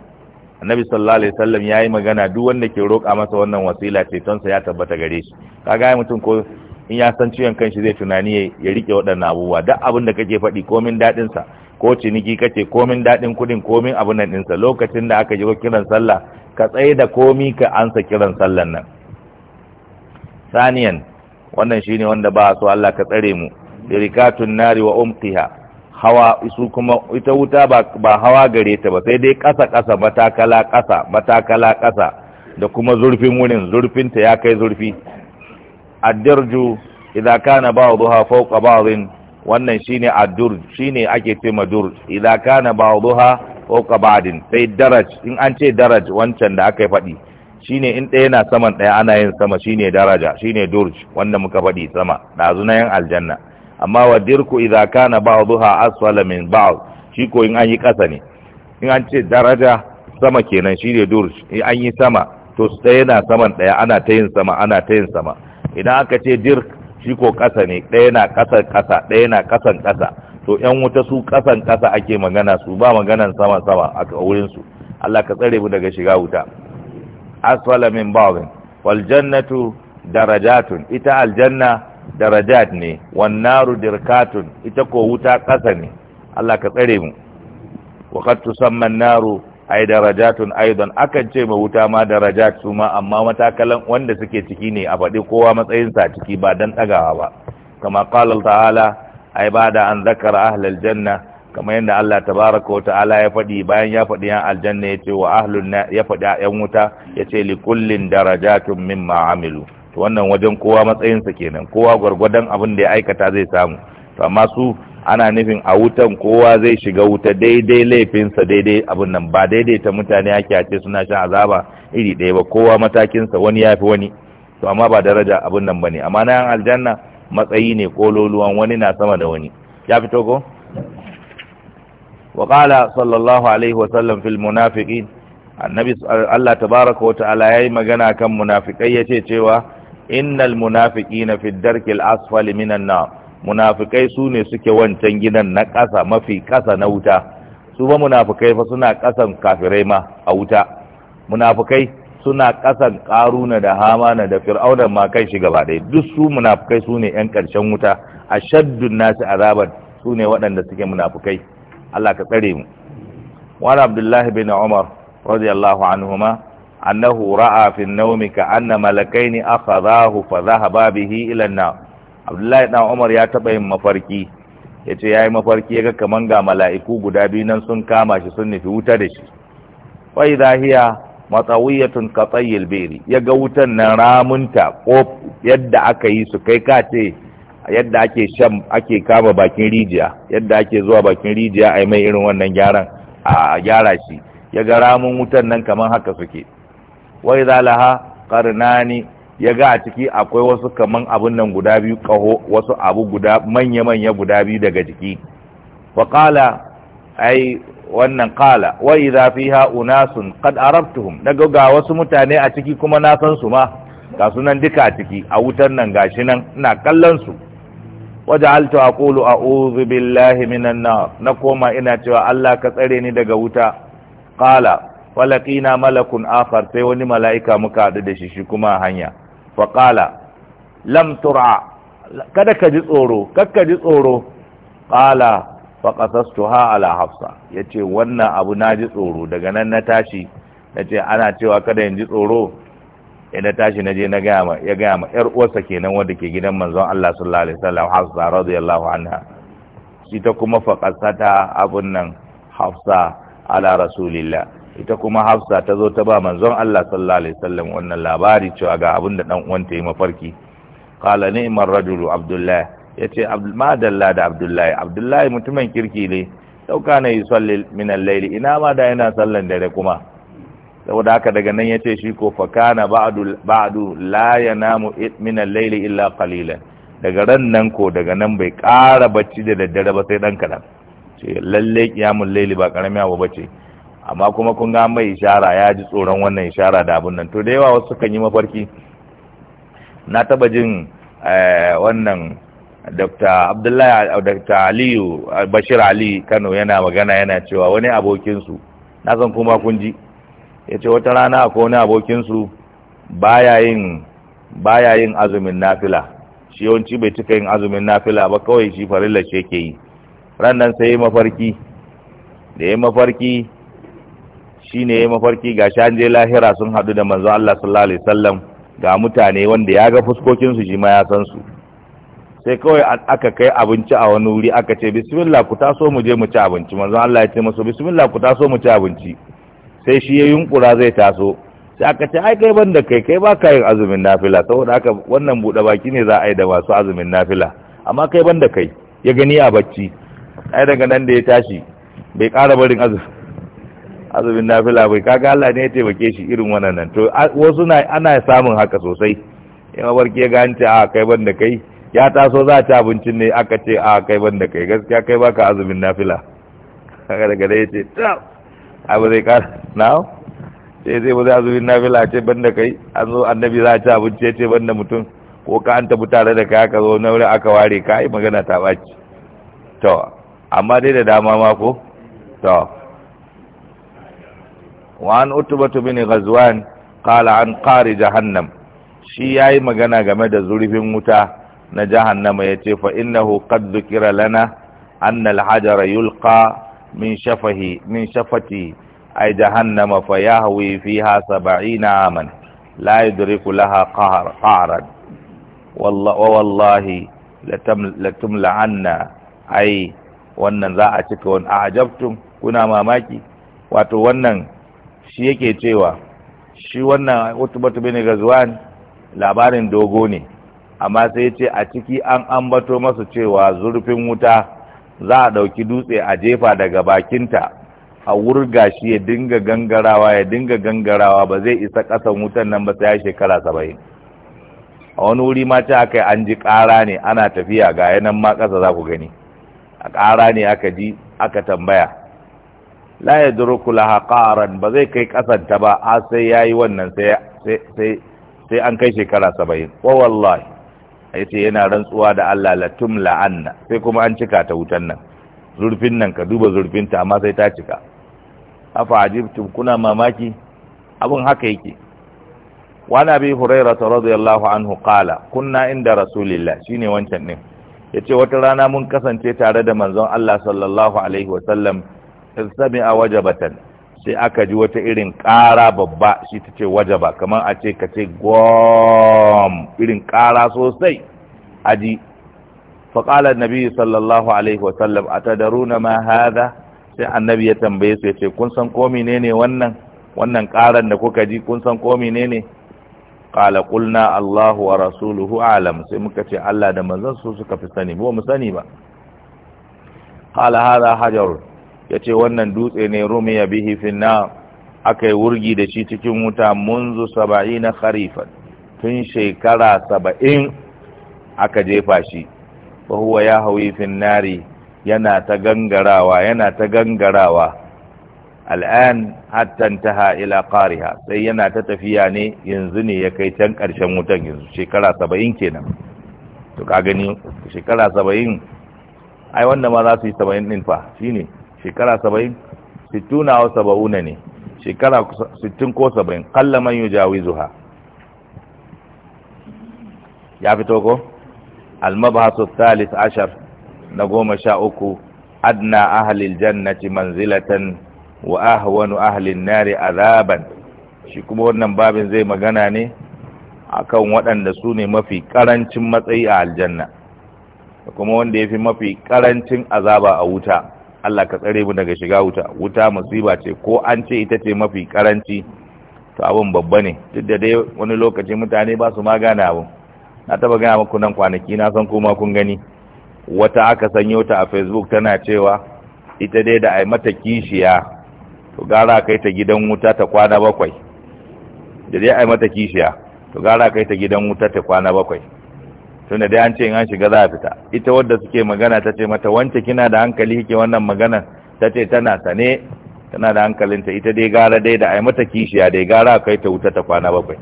annabi sallallahu alaihi wasallam yayi magana duk wanda ke roƙa masa wannan wasila ce sa ya tabbata gare shi kaga mutum ko in ya san ciwon kanshi zai tunani ya rike waɗannan abubuwa duk abin da kake faɗi komin daɗin sa ko ciniki kace komin daɗin kuɗin komin abin nan ɗinsa lokacin da aka ji kiran sallah ka tsaye da komi ka ansa kiran sallan nan saniyan wannan shine wanda ba so Allah ka tsare mu dirikatun nari wa umqiha hawa su kuma ita wuta ba hawa gare ta ba sai dai ƙasa-ƙasa matakala ƙasa matakala ƙasa da kuma zurfin wurin zurfinta ya kai zurfi addirju idza kana ba'dha fawqa ba'dhin wannan shine addur shine ake ce madur idza kana ba'dha fawqa ba'din sai daraj in an ce daraj wancan da aka faɗi shine in ɗaya na saman ɗaya ana yin sama shine daraja shine durj wanda muka faɗi sama dazu na yan aljanna amma wa dirku idza kana ba'dhuha aswala min ba'd shi ko in an yi kasa ne in an ce daraja sama kenan shi ne in an yi sama to ɗaya na saman daya ana ta yin sama ana ta yin sama idan aka ce dirk shi ko kasa ne daya na kasa kasa daya na kasan kasa to 'yan wuta su kasan kasa ake magana su ba maganan sama sama a wurin su Allah ka tsare mu daga shiga wuta aswala min ba'd wal jannatu darajatun ita aljanna darajat ne wannaru dirkatun ita ko wuta ƙasa ne Allah ka tsare mu wa tusamman tusamma naru ay darajatun aidan akan ce ma wuta ma darajat su ma amma matakalan wanda suke ciki ne a faɗi kowa matsayin sa ciki ba dan ɗagawa ba kama qala ta'ala ay bada an zakara ahlal janna Kama yadda Allah tabaaraka wa ta'ala ya faɗi bayan ya faɗi yan aljanna yace wa ahlun ya faɗi yan wuta yace likullin darajatun mimma amilu to wannan wajen kowa matsayinsa kenan kowa gwargwadon abin da ya aikata zai samu to amma su ana nufin a wutan kowa zai shiga wuta daidai laifinsa daidai abin nan ba daidai ta mutane ake a ce suna shan azaba iri ɗaya ba kowa matakinsa wani ya fi wani to amma ba daraja abin nan ba ne amma na yan aljanna matsayi ne kololuwan wani na sama da wani ya fi ko وقال صلى الله عليه وسلم في المنافقين annabi Allah tabaraka wa ta'ala yayi magana kan munafikai yace cewa innal munafiqina fi al asfali minan nar munafikai su ne suke wancan gidan na ƙasa mafi kasa na wuta su ba munafikai fa suna ƙasan kafirai ma a wuta munafikai suna ƙasan karuna da hamana da fir'auna ma kai shi gaba ɗaya duk su munafikai su ne ƴan ƙarshen wuta ashaddun nasi azaban su ne waɗanda suke munafikai Allah ka tsare mu wa Abdullahi bin Umar radiyallahu anhuma annahu ra'a fi an-nawmi ka anna malakaini akhadahu fa dhahaba bihi ila an Abdullahi dan Umar ya taba yin mafarki yace yayi mafarki ga kaman ga mala'iku guda biyu nan sun kama shi sun nufi wuta da shi wa idha hiya matsawiyatun katsayil beri ya ga wutan nan ramunta ko yadda aka yi su kai kace yadda ake sham ake kama bakin rijiya yadda ake zuwa bakin rijiya a mai irin wannan gyaran a gyara shi ya ga ramun wutan nan kamar haka suke wai za zalaha karnani ya ga a ciki akwai wasu kaman abun nan guda biyu kaho wasu abu guda manya-manya guda biyu daga jiki wa kala ai wannan kala wa idza fiha unasun qad arabtuhum daga ga wasu mutane a ciki kuma na san su ma ga sunan duka a ciki a wutar nan gashi nan ina kallon su waja'altu aqulu a'udhu billahi minan nar na koma ina cewa Allah ka tsare ni daga wuta qala falaqina malakun afar sai wani mala'ika muka haɗu da shi shi kuma hanya Faƙala lamtura lam tur'a kada ka ji tsoro kakka ji tsoro Ƙala faƙasastu ha ala hafsa Ya ce wannan abu na ji tsoro daga nan na tashi Na ce ana cewa kada in ji tsoro na tashi na je na gaya ma ya gaya ma yar uwarsa kenan wanda ke gidan manzon Allah sallallahu alaihi wasallam Hafsa radiyallahu anha shi kuma faƙasata abun nan Hafsa ala rasulillah ita kuma hafsa ta zo ta ba manzon Allah sallallahu alaihi wasallam wannan labari cewa ga abin da dan uwanta yi mafarki qala ni'mar rajulu abdullah yace ma dalla da abdullahi abdullahi mutumin kirki ne dauka ne salli min al-layl ina ma da yana sallan dare kuma saboda haka daga nan yace shi ko fa kana ba'du ba'du la yanamu min al-layl illa qalilan daga ran nan ko daga nan bai kara bacci da daddare ba sai dan kadan ce lalle kiyamul layli ba karami abu bace amma kuma kun ga mai ishara ya ji tsoron wannan ishara da abun nan to da yawa wasu kan yi mafarki na taba jin eh, wannan dr abdullahi eh, dr aliyu eh, bashir ali kano yana magana yana cewa wani abokinsu na san kuma kun ji ya ce wata rana ko wani abokinsu baya yin baya yin azumin nafila shi yawanci bai cika yin azumin nafila ba kawai shi farilla shi yake yi ran nan sai mafarki da ya mafarki ne ya mafarki ga an je lahira sun haɗu da manzo Allah sallallahu alaihi wasallam ga mutane wanda ya ga fuskokin su shi ma ya san su sai kawai aka kai abinci a wani wuri aka ce bismillah ku taso mu je mu ci abinci manzo Allah ya ce musu bismillah ku taso mu ci abinci sai shi ya yunkura zai taso sai aka ce ai kai banda kai kai ba ka yin azumin nafila saboda haka wannan buɗe baki ne za a yi da masu azumin nafila amma kai banda kai ya gani a bacci ai daga nan da ya tashi bai ƙara barin azumin azumin nafila bai kaga Allah ne ya taimake shi irin wannan to wasu na ana samun haka sosai in mabarki ya ganta a kai ban da kai ya taso za ta abincin ne aka ce a kai ban da kai gaskiya kai baka azumin nafila kaga daga da yace ta abu zai kara now sai zai ba zai azumin nafila ce ban da kai an zo annabi za ta abinci ya ce ban da mutum ko ka an tafi tare da kai aka zo na wuri aka ware ka yi magana ta baci to amma dai da dama ma ko to وعن أتبة بن غزوان قال عن قار جهنم shi ya yi magana game da zurfin wuta na jahannama ya ce fa innahu qad dhukira lana anna al-hajara yulqa min shafahi min shafati ay jahannama fa yahwi fiha 70 aman la yudriku laha qaharan wallahi latumla anna ai wannan za a cika wani ajabtun? kuna mamaki wato wannan shi yake cewa shi wannan utubatu bin gazwan labarin dogo ne amma sai ya ce a ciki an ambato masa cewa zurfin wuta za a ɗauki dutse a jefa daga bakinta a wurga shi ya dinga gangarawa ya dinga gangarawa ba zai isa ƙasan wutan nan ba sai ya shekara saba'in a wani wuri ma ta kai an ji ƙara ne ana tafiya ga yanan ma ƙasa za ku gani a ƙara ne aka ji aka tambaya la ya kula haƙaran ba zai kai ƙasanta ba a sai ya yi wannan sai an kai shekara saba'in wallahi a sai yana rantsuwa da Allah latum la'anna sai kuma an cika ta wutan nan zurfin nan ka duba zurfinta amma sai ta cika afa ajibtum kuna mamaki abin haka yake wani abin hurairu ta radiyallahu anhu kala kunna inda rasulillah shine wancan din ce, wata rana mun kasance tare da manzon Allah sallallahu alaihi wa waje wajabatan sai aka ji wata irin ƙara babba shi ta ce ba kamar a ce ka ce gwam irin ƙara sosai aji faƙalar nabi sallallahu alaihi wasallam a tadaruna ma sai annabi ya tambaye su ya ce kun san komi ne ne wannan wannan ƙaran da kuka ji kun san komi ne ne ƙala ƙulna allahu wa rasuluhu alam sai muka ce allah da manzan su suka fi sani ba mu sani ba ƙala hada hajarun ya ce wannan dutse ne rumiya bihi finna aka yi wurgi da shi cikin wuta munzu saba'i na kharifan tun shekara saba'in aka jefa shi ba huwa ya hawi finnari yana ta gangarawa yana ta gangarawa al'an hattantaha ila ƙariha sai yana ta tafiya ne yanzu ne ya kai can ƙarshen wutan yanzu shekara saba'in kenan to ka gani shekara saba'in ai wanda ma za su yi saba'in ɗin fa shi ne. shekara saba'in sittuna wa saba'una ne shekara sittin ko saba'in kalla man ha ya fito ko almabhasu talis ashar na goma sha uku adna ahalil jannati manzilatan wa ahwanu ahlin nari azaban shi kuma wannan babin zai magana ne kan waɗanda su ne mafi karancin matsayi a aljanna kuma wanda ya fi mafi karancin azaba a wuta Allah ka tsare mu daga shiga wuta wuta musiba ce ko an ce ita ce mafi karanci to abin babba ne duk da dai wani lokaci mutane ba su magana abun na taba gana muku nan kwanaki na san kuma kun gani wata aka sanyo ta a facebook tana cewa ita dai da ai mata kishiya to gara kai ta gidan wuta ta kwana bakwai da dai ai mata kishiya to gara kai ta gidan wuta ta kwana bakwai tunda dai an ce in an shiga za a fita ita wadda suke magana ta ce mata wance kina da hankali kike wannan magana ta ce tana sane tana da hankalinta ita dai gara dai da ai mata kishiya dai gara kai ta wuta ta kwana bakwai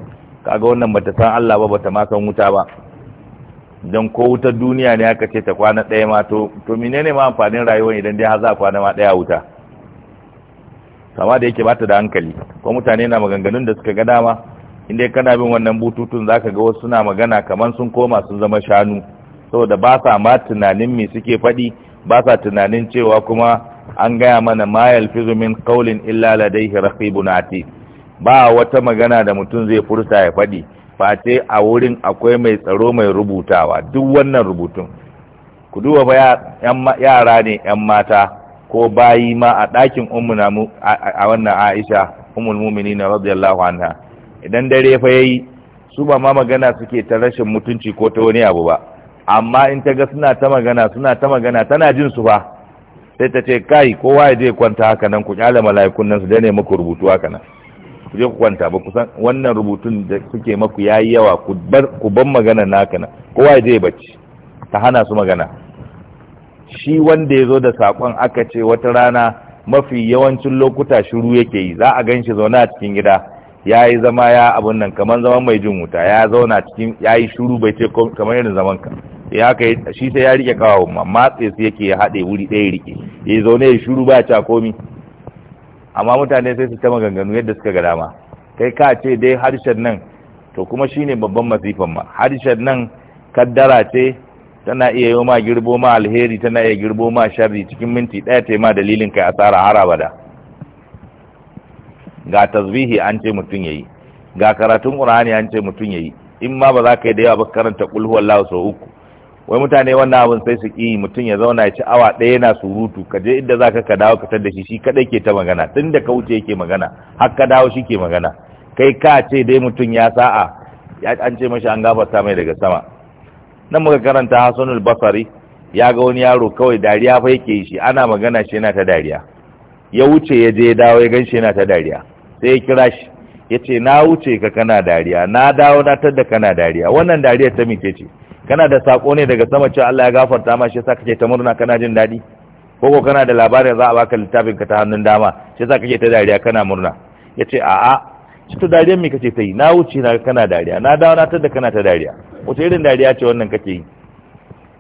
kaga wannan bata san Allah ba bata ma san wuta ba don ko wutar duniya ne aka ce ta kwana daya ma to to menene ma amfanin rayuwa idan dai har za kwana ma ɗaya wuta kama da yake bata da hankali ko mutane na maganganun da suka ga dama inda kana bin wannan bututun zaka ga wasu suna magana kamar sun koma sun zama shanu saboda ba sa ma tunanin me suke faɗi ba sa tunanin cewa kuma an gaya mana ma yalfizu min qawlin illa ladayhi raqibun ati ba wata magana da mutum zai furta ya faɗi face a wurin akwai mai tsaro mai rubutawa duk wannan rubutun ku duba ba yara ne yan mata ko bayi ma a ɗakin ummuna a wannan Aisha ummul mu'minin radiyallahu anha idan dare fa yayi su ba ma magana suke ta rashin mutunci ko ta wani abu ba amma in ta ga suna ta magana suna ta magana tana jin su fa sai ta ce kai kowa ya je kwanta haka nan ku kyale mala'ikun nan su dane muku rubutu haka nan ku je ku kwanta ba kusan wannan rubutun da suke maku yayi yawa ku bar ku ban magana na haka nan kowa ya je bacci ta hana su magana shi wanda ya zo da sakon aka ce wata rana mafi yawancin lokuta shiru yake yi za a ganshi zauna zaune a cikin gida ya yi zama ya abun nan kamar zaman mai jin wuta ya zauna cikin ya yi shuru bai ce kamar irin zaman ka ya shi sai ya rike kawo ma matse su yake ya haɗe wuri ɗaya rike ya zaune ya shuru ba ya komi amma mutane sai su ta maganganu yadda suka ga dama kai ka ce dai harshen nan to kuma shine babban masifan ma harshen nan kaddara ce tana iya yi ma girbo ma alheri tana iya girbo ma sharri cikin minti ɗaya ta ma dalilin kai asara har abada ga tasbihi an ce mutum yayi ga karatun qur'ani an ce mutum yayi in ma ba za ka yi da yawa ba karanta qul huwallahu sau uku wai mutane wannan abin sai su ki mutum ya zauna ya ci awa ɗaya yana surutu ka je inda zaka ka dawo ka tada shi shi kadai ke ta magana tun da ka wuce yake magana har ka dawo shi ke magana kai ka ce dai mutum ya sa'a an ce mashi an gafarta mai daga sama nan muka karanta hasanul basari ya ga wani yaro kawai dariya fa yake shi ana magana shi yana ta dariya ya wuce ya je ya dawo ya gan shi yana ta dariya sai ya kira shi ya ce na wuce ka kana dariya na dawo na tadda kana dariya wannan dariyar ta mice ce kana da sako ne daga sama cewa Allah ya gafarta ma shi yasa kake ta murna kana jin dadi ko ko kana da labarin za a baka littafin ka ta hannun dama shi yasa kake ta dariya kana murna yace a'a shi ta dariyar me kace tai na wuce na kana dariya na dawo na tadda kana ta dariya wace irin dariya ce wannan kake yi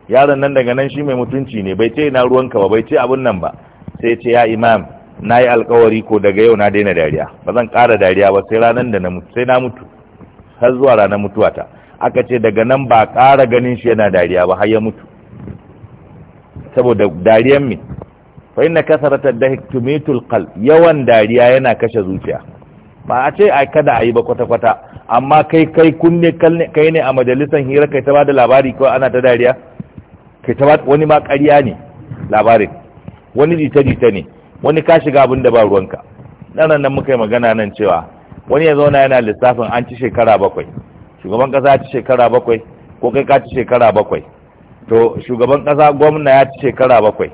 yaron nan daga nan shi mai mutunci ne bai ce na ruwanka ba bai ce abun nan ba sai ya ce ya imam na yi alkawari ko daga yau na daina dariya ba zan ƙara dariya ba sai ranar da na mutu sai na mutu har zuwa ranar mutuwata aka ce daga nan ba kara ganin shi yana dariya ba har ya mutu saboda dariyan mi fa inna kasarata dahik tumitul qalb yawan dariya yana kashe zuciya ba a ce ai kada ayi ba kwata kwata amma kai kai kunne kai ne a majalisan hira kai ta bada labari ko ana ta dariya kai ta wani ma ƙarya ne labarin wani jita jita ne wani ka shiga abin da ba ruwanka nan nan muka yi magana nan cewa wani ya zauna yana lissafin an ci shekara bakwai shugaban kasa ya ci shekara bakwai ko kai ka ci shekara bakwai to shugaban kasa gwamna ya ci shekara bakwai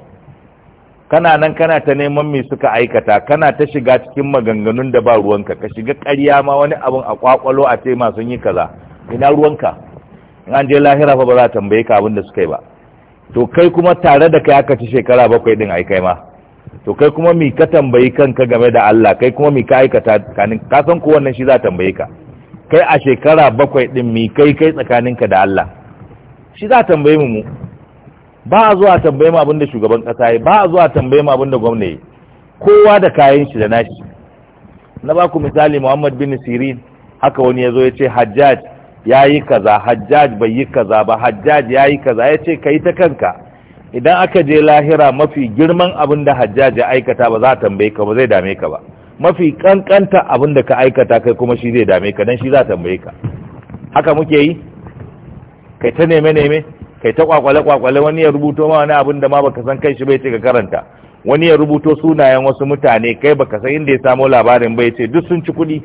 kana nan kana ta neman me suka aikata kana ta shiga cikin maganganun da ba ruwanka ka shiga ƙarya ma wani abin a kwakwalo a ce masu yi kaza ina ruwanka in an je lahira fa ba za a tambaye ka abin da suka yi ba to kai kuma tare da kai aka ci shekara bakwai din ai kai ma to kai kuma mi ka tambayi kanka game da Allah kai kuma mi ka aikata kanin ka san ko wannan shi za tambaye ka kai a shekara bakwai din mi kai kai tsakaninka da Allah shi za tambaye mu ba a zuwa tambaye mu abin da shugaban kasa yi ba a zuwa tambaye mu abin gwamna yi kowa da kayan shi da nashi na ba ku misali Muhammad bin Sirin haka wani yazo ya ce Hajjaj yayi kaza Hajjaj bai yi kaza ba Hajjaj yayi kaza ya ce kai ta kanka idan aka je lahira mafi girman abin da hajjaji aikata ba za a tambaye ka ba zai dame ka ba mafi kankanta abin da ka aikata kai kuma shi zai dame ka dan shi za a tambaye ka haka muke yi kai ta neme neme kai ta kwakwale kwakwale wani ya rubuto ma wani abin da ma baka san kai shi bai ce ka karanta wani ya rubuto sunayen wasu mutane kai baka san inda ya samo labarin bai ce duk sun ci kuɗi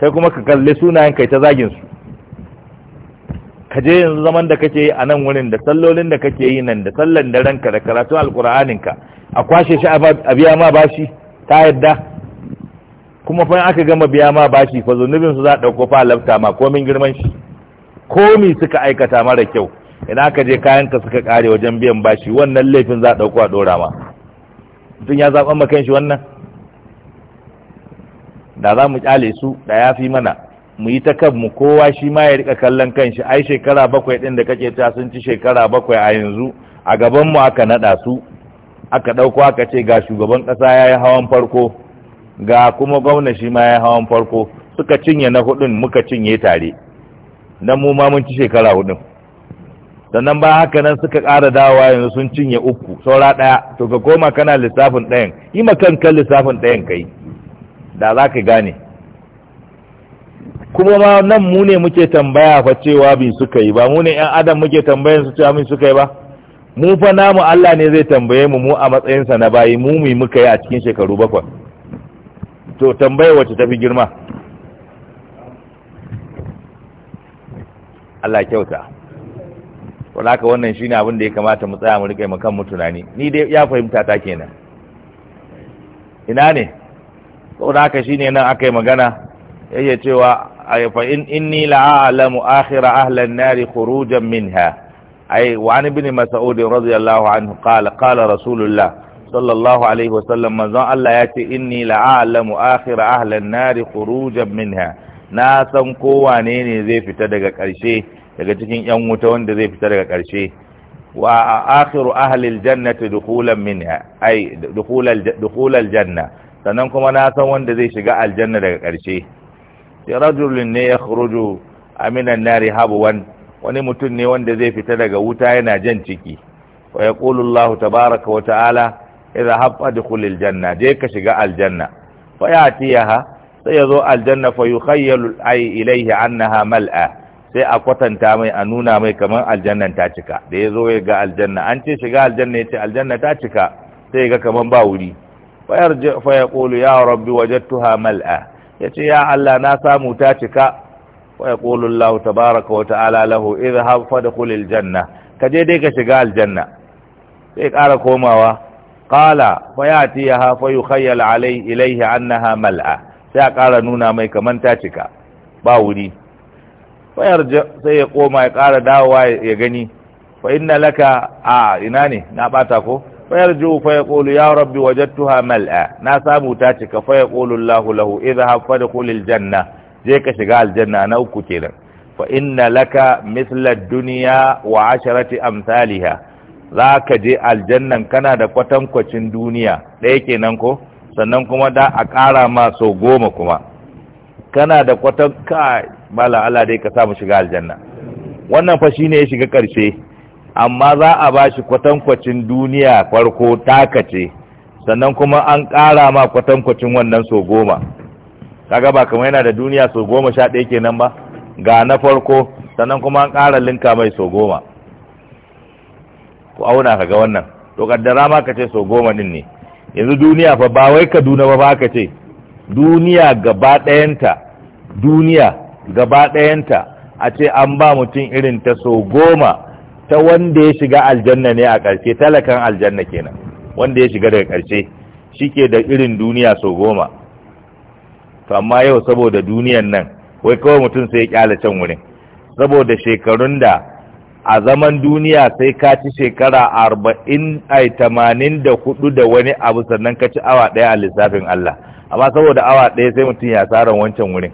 kai kuma ka kalli sunayen kai ta zagin su ka je yanzu zaman da kake yi a nan wurin da sallolin da kake yi nan da sallan da ranka da karatu alkur'aninka a kwashe shi a biya ma bashi ta yadda kuma fa aka gama biya ma bashi fa zunubin su za dauko fa lafta ma komin girman shi komi suka aikata mara kyau idan aka je kayan ka suka kare wajen biyan bashi wannan laifin za dauko a dora ma mutum ya zaban ma kanshi wannan da za mu kyale su da ya fi mana mu yi ta kan mu, kowa shi ma ya rika kallon kanshi ai shekara bakwai din da kake ta sun ci shekara bakwai a yanzu a gaban mu aka nada su aka dauko aka ce ga shugaban kasa yayi hawan farko ga kuma gwamna shi ma yayi hawan farko suka cinye na hudun muka cinye tare dan mu ma mun ci shekara hudun sannan ba haka nan suka ƙara dawowa yanzu sun cinye uku saura ɗaya to ka koma kana lissafin ɗayan yi makan kan lissafin ɗayan kai da za ka gane kuma ma nan mu ne muke tambaya fa cewa bi suka yi ba mu ne ƴan adam muke tambayan su cewa min suka yi ba mu fa namu Allah ne zai tambaye mu mu a matsayin sa na bayi mu mu muka yi a cikin shekaru bakwai to tambaye wacce tafi girma Allah kyauta walaka wannan shine abin da ya kamata mu tsaya mu rike mu kan mu tunani ni dai ya fahimta ta kenan ina ne saboda haka shine nan aka yi magana yake cewa in inni la'alamu akhira ahlan nari khurujan minha ay wa an ibn mas'ud radiyallahu anhu qala qala rasulullah sallallahu alayhi wa sallam ma zan Allah yace inni la'alamu akhira ahlan nari khurujan minha na san ko wane ne zai fita daga karshe daga cikin yan wuta wanda zai fita daga karshe wa akhiru ahli aljannati dukhulan minha ay dukhul aljanna sannan kuma na san wanda zai shiga aljanna daga ƙarshe. rajulun ne ya khruju aminan nari habuwan wani mutum ne wanda zai fita daga wuta yana jan ciki wa yaqulu Allah tabaaraka wa ta'ala idha habba dukhulil janna je ka shiga aljanna fa yatiha sai zo aljanna fa yukhayyalu ay ilayhi ha mal'a sai a kwatanta mai a nuna mai kamar aljannan ta cika da yazo ya ga aljanna an ce shiga aljanna ce aljanna ta cika sai ga kamar ba wuri fa yarji fa ya rabbi tuha mal'a ya ce ya Allah na samu ta cika wa ya lahu tabaraka wa ta'ala lahu iri hafa da kulil janna ka je dai ka shiga aljanna sai ƙara komawa ƙala fa ya ti ya hafa yi khayyal alai ilaihi na hamala sai a ƙara nuna mai kaman ta cika ba wuri fayar sai ya koma ya ƙara dawowa ya gani fa inna laka a ina ne na ɓata ko Fayar jiki fayar kolu ya Rabbi wajen tuha Na samu ta cika fayar kolan lahu, idan an faɗi kulin janna. Je ka shiga aljanna na uku kenan. Fa ina laƙa mislac duniya wa ashirari amsariha? Za ka je aljannan kana da kwatankwacin duniya ɗaya ke nanko? Sannan kuma da a kara ma sau goma kuma. Kana da kwatan kaɗai kuma la'allata yake ka sa mu shiga aljanna? Wannan fa shi ne ya shiga karshe amma za a ba shi kwatankwacin duniya farko taka ce sannan kuma an ƙara ma kwatankwacin wannan so goma kaga ba kamar yana da duniya so goma sha ɗaya kenan ba ga na farko sannan kuma an ƙara linka mai so goma ku auna kaga wannan to kaddara ma ka ce so goma din ne yanzu duniya fa ba wai kaduna ba ba ka ce duniya gaba ɗayanta duniya gaba ɗayanta a ce an ba mutum irin ta so goma ta wanda ya shiga aljanna ne a ƙarshe talakan aljanna kenan wanda ya shiga daga ƙarshe shi ke da irin duniya sau goma to amma yau saboda duniyan nan wai kawai mutum sai ya kyala can wurin saboda shekarun da a zaman duniya sai ka ci shekara arba'in ai tamanin da hudu da wani abu sannan ka ci awa ɗaya a lissafin Allah amma saboda awa ɗaya sai mutum ya tsara wancan wurin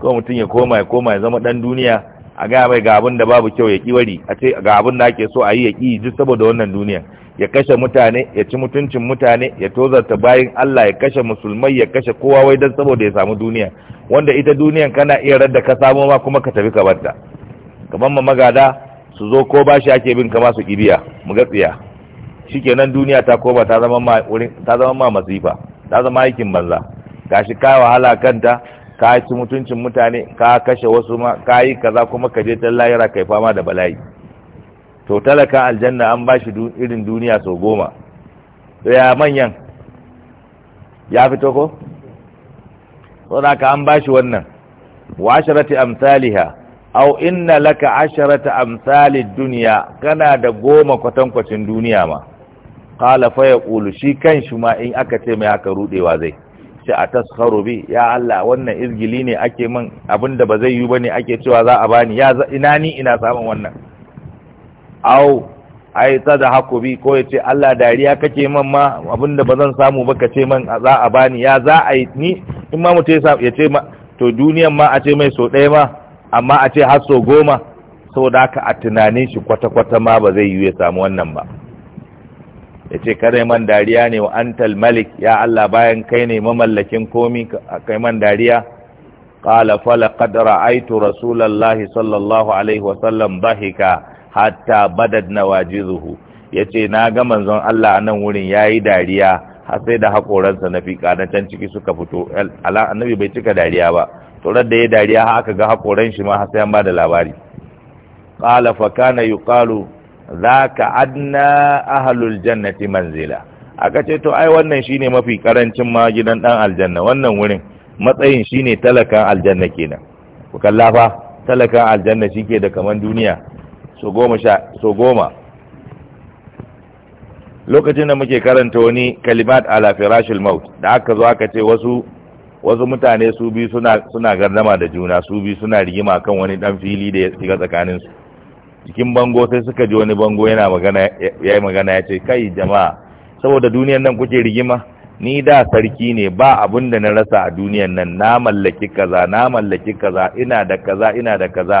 kawai mutum ya koma ya koma ya zama ɗan duniya a gaya mai ga abin da babu kyau ya ki wari a ce ga abin da ake so a yi ya ki ji saboda wannan duniya ya kashe mutane ya ci mutuncin mutane ya tozarta bayan Allah ya kashe musulmai ya kashe kowa wai dan saboda ya samu duniya wanda ita duniyan kana iya radda ka samo ma kuma ka tafi ka barta kaman ma magada su zo ko bashi ake bin kama su kibiya mu ga tsiya shikenan duniya ta koma ta zama ma ta zama ma masifa ta zama aikin banza gashi ka wahala kanta ka ci mutuncin mutane ka kashe wasu ma ka yi kaza kuma ka je tan lahira kai fama da bala'i to talaka aljanna an bashi irin duniya sau goma ya manyan ya fito ko saboda an bashi wannan wa asharati amsalha aw inna laka asharata amsalid dunya kana da goma kwatankwacin duniya ma qala fa yaqulu shi kan shi ma in aka ce mai aka rudewa zai ce a taskharu bi ya Allah wannan izgili ne ake man, abinda ba zai yi ne ake cewa za a bani ya ina ni ina samun wannan au ai haku bi ko yace Allah dariya kake man ma abinda ba zan samu ba kace man za a bani ya za a yi ni in ma mutai ya ce ma to duniyan ma a ce mai so ɗaya ma amma a ce har so goma saboda haka a tunanin shi kwata-kwata ma ba zai yi ya samu wannan ba ya ce kada man dariya ne wa antal malik ya Allah bayan kai ne mamallakin komi a kai man dariya ƙala fala qad aitu rasulallahi sallallahu alaihi wasallam sallam hatta badad ya ce na ga manzon Allah a nan wurin ya yi dariya har sai da hakoransa na fi na ciki suka fito annabi bai cika dariya ba turar da ya dariya haka ga hakoran shi ma har sai an bada labari ƙala fa kana yuqalu zaka adna ahlul jannati manzila aka ce to ai wannan shine mafi karancin ma gidan dan aljanna wannan wurin matsayin shine talakan aljanna kenan ku kalla fa talakan aljanna shike da kaman duniya so goma sha so goma lokacin da muke karanta wani kalimat ala firashil maut da aka zo aka ce wasu wasu mutane su bi suna suna gardama da juna su bi suna rigima kan wani dan fili da ya shiga tsakaninsu jikin bango sai suka ji wani bango yana magana ya yi magana ya ce kai jama'a saboda duniyan nan kuke rigima ni da sarki ne ba abun da na rasa a duniyan nan na mallaki kaza na mallaki kaza ina da kaza ina da kaza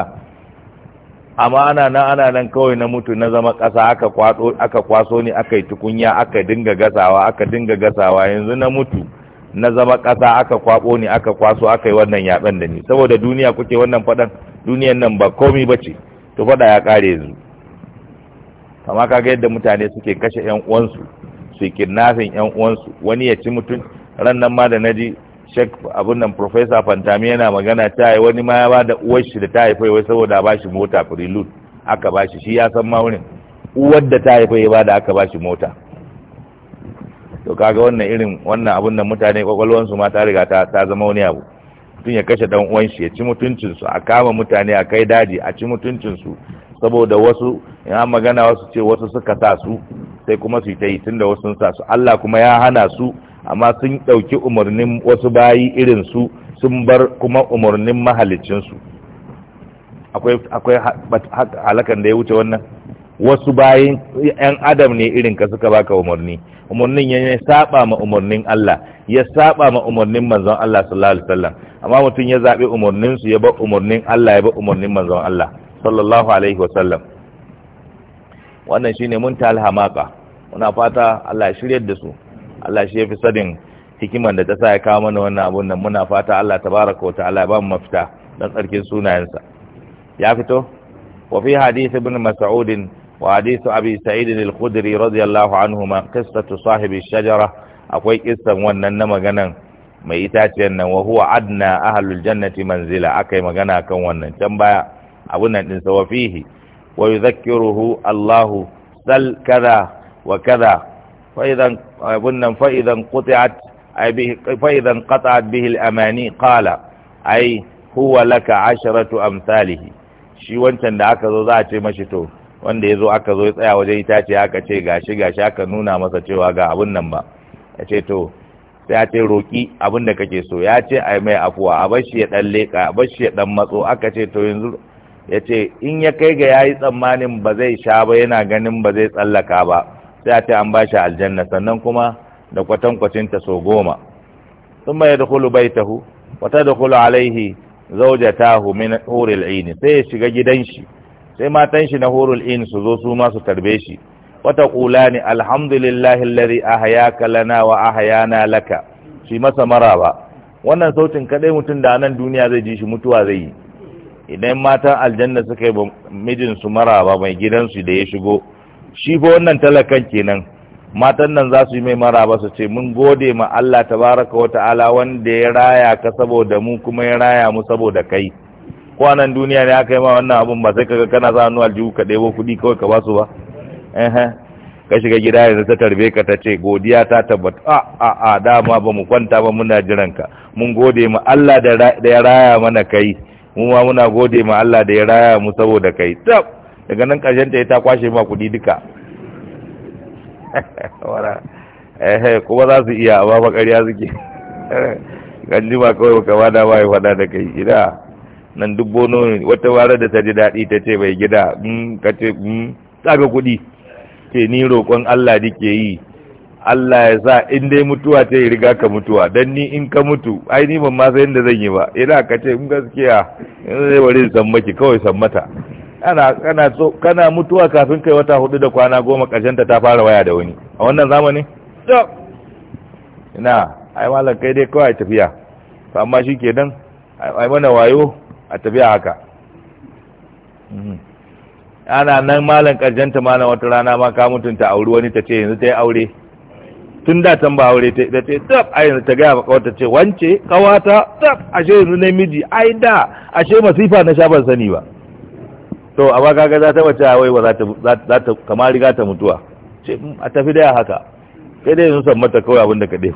amma ana nan ana nan kawai na mutu na zama ƙasa aka kwato aka kwaso ni aka yi tukunya aka dinga gasawa aka dinga gasawa yanzu na mutu na zama ƙasa aka kwabo ni aka kwaso aka yi wannan yaben da ni saboda duniya kuke wannan fadan duniyan nan ba komai bace to faɗa ya ƙare yanzu amma kaga yadda mutane suke kashe yan uwansu su kidnapping yan uwansu wani ya ci mutum rannan ma da naji shek abun nan professor fantami yana magana ta yi wani ma ya ba da uwar shi da ta haifai wai saboda ba shi mota prelude aka ba shi shi ya san ma wurin uwar da ta haifai ya ba da aka ba shi mota to kaga wannan irin wannan abun nan mutane kwakwalwansu ma ta riga ta zama wani abu mutum ya kashe dan uwanshi ya ci mutuncin su a kama mutane a kai daji a ci mutuncin su saboda wasu in magana wasu ce wasu suka sa su sai kuma su ta yi da wasu sa su Allah kuma ya hana su amma sun ɗauki umarnin wasu bayi irin su sun bar kuma umarnin mahalicinsu su akwai akwai halakan da ya wuce wannan wasu bayin yan adam ne irin ka suka baka umarni umarnin ya saba ma umarnin Allah ya saba ma umarnin manzon Allah sallallahu alaihi wasallam amma mutum ya zabe umarnin su ya bar umarnin Allah ya bar umarnin manzon Allah sallallahu alaihi wasallam wannan shine ta hamaka muna fata Allah ya shiryar da su Allah shi yafi sadin hikiman da ta sa ya kawo mana wannan abun nan muna fata Allah tabaraka wa ta'ala ya ba mu mafita dan tsarkin sunayensa ya fito wa fi hadith ibn mas'ud وحديث أبي سعيد الخدري رضي الله عنهما قصة صاحب الشجرة akwai kissan wannan na maganan mai itaciyar nan wa huwa adna ahlul jannati manzila akai magana kan wannan can baya abun nan din sawafihi wa yuzakkiruhu Allahu sal kaza wa kaza fa idan abun nan fa idan qati'at ay bihi fa idan qata'at bihi al-amani qala ay huwa laka asharatu amsalihi shi wancan da aka zo za a ce mashi to wanda ya zo aka zo ya tsaya wajen itace aka ce gashi gashi aka nuna masa cewa ga abun nan ba ya ce to sai ya ce roƙi abin da kake so ya ce ai mai afuwa a bashi ya dan leƙa a bashi ya dan matso aka ce to yanzu ya ce in ya kai ga yayi tsammanin ba zai sha ba yana ganin ba zai tsallaka ba sai ya ce an bashi aljanna sannan kuma da kwatankwacin ta so goma sun bai da kulu bai tahu wata da kulu alaihi zaujatahu min hurul ini sai ya shiga gidan shi sai matan shi na hurul ini su zo su ma su tarbe shi وتقولان الحمد لله الذي أحياك لنا وأحيانا laka. shi masa mara wannan sautin kaɗai mutum da nan duniya zai ji shi mutuwa zai yi idan matan aljanna suka yi mijinsu mara ba mai gidansu da ya shigo shi fa wannan talakan kenan matan nan za su yi mai maraba ba su ce mun gode ma Allah tabaraka wa ta'ala wanda ya raya ka saboda mu kuma ya raya mu saboda kai ko nan duniya ne aka yi ma wannan abun ba sai kaga kana sa hannu aljihu ka ɗebo kuɗi kawai ka ba su ba ka shiga gida yanzu ta tarbe ka ta ce godiya ta tabbata a a a dama ba mu kwanta ba muna jiran ka mun gode ma Allah da ya raya mana kai mu ma muna gode ma Allah da ya raya mu saboda kai tab daga nan ƙarshen ta ta kwashe ma kuɗi duka wara eh kuma za su iya amma bakariya suke kan ji ba kawai ka bada ba ya fada da kai gida nan duk bono wata wara da ta ji daɗi ta ce bai gida mm, ka ce mm, tsaga kuɗi ce ni roƙon Allah nike yi Allah ya sa in dai mutuwa ta yi riga ka mutuwa don ni in ka mutu ai ni ban ma san zan yi ba ina ka ce in gaskiya in zai bari san maki kawai san mata kana mutuwa kafin kai wata hudu da kwana goma ƙarshen ta fara waya da wani a wannan zamani to ina ai malam kai dai kawai tafiya to amma nan ai mana wayo a tafiya haka mm-hmm. ana nan malam karjanta malam wata rana ma ka mutunta aure wani ta ce yanzu ta yi aure tun da tan ba aure ta ce tsaf a yanzu ta gaya wata ce wance kawata a ashe yanzu na miji ai da ashe masifa na sha ban sani ba to amma ga za ta mace a waiwa za ta kamar riga ta mutuwa ce mm, a tafi da haka sai dai yanzu san mata kawai abin da ka dai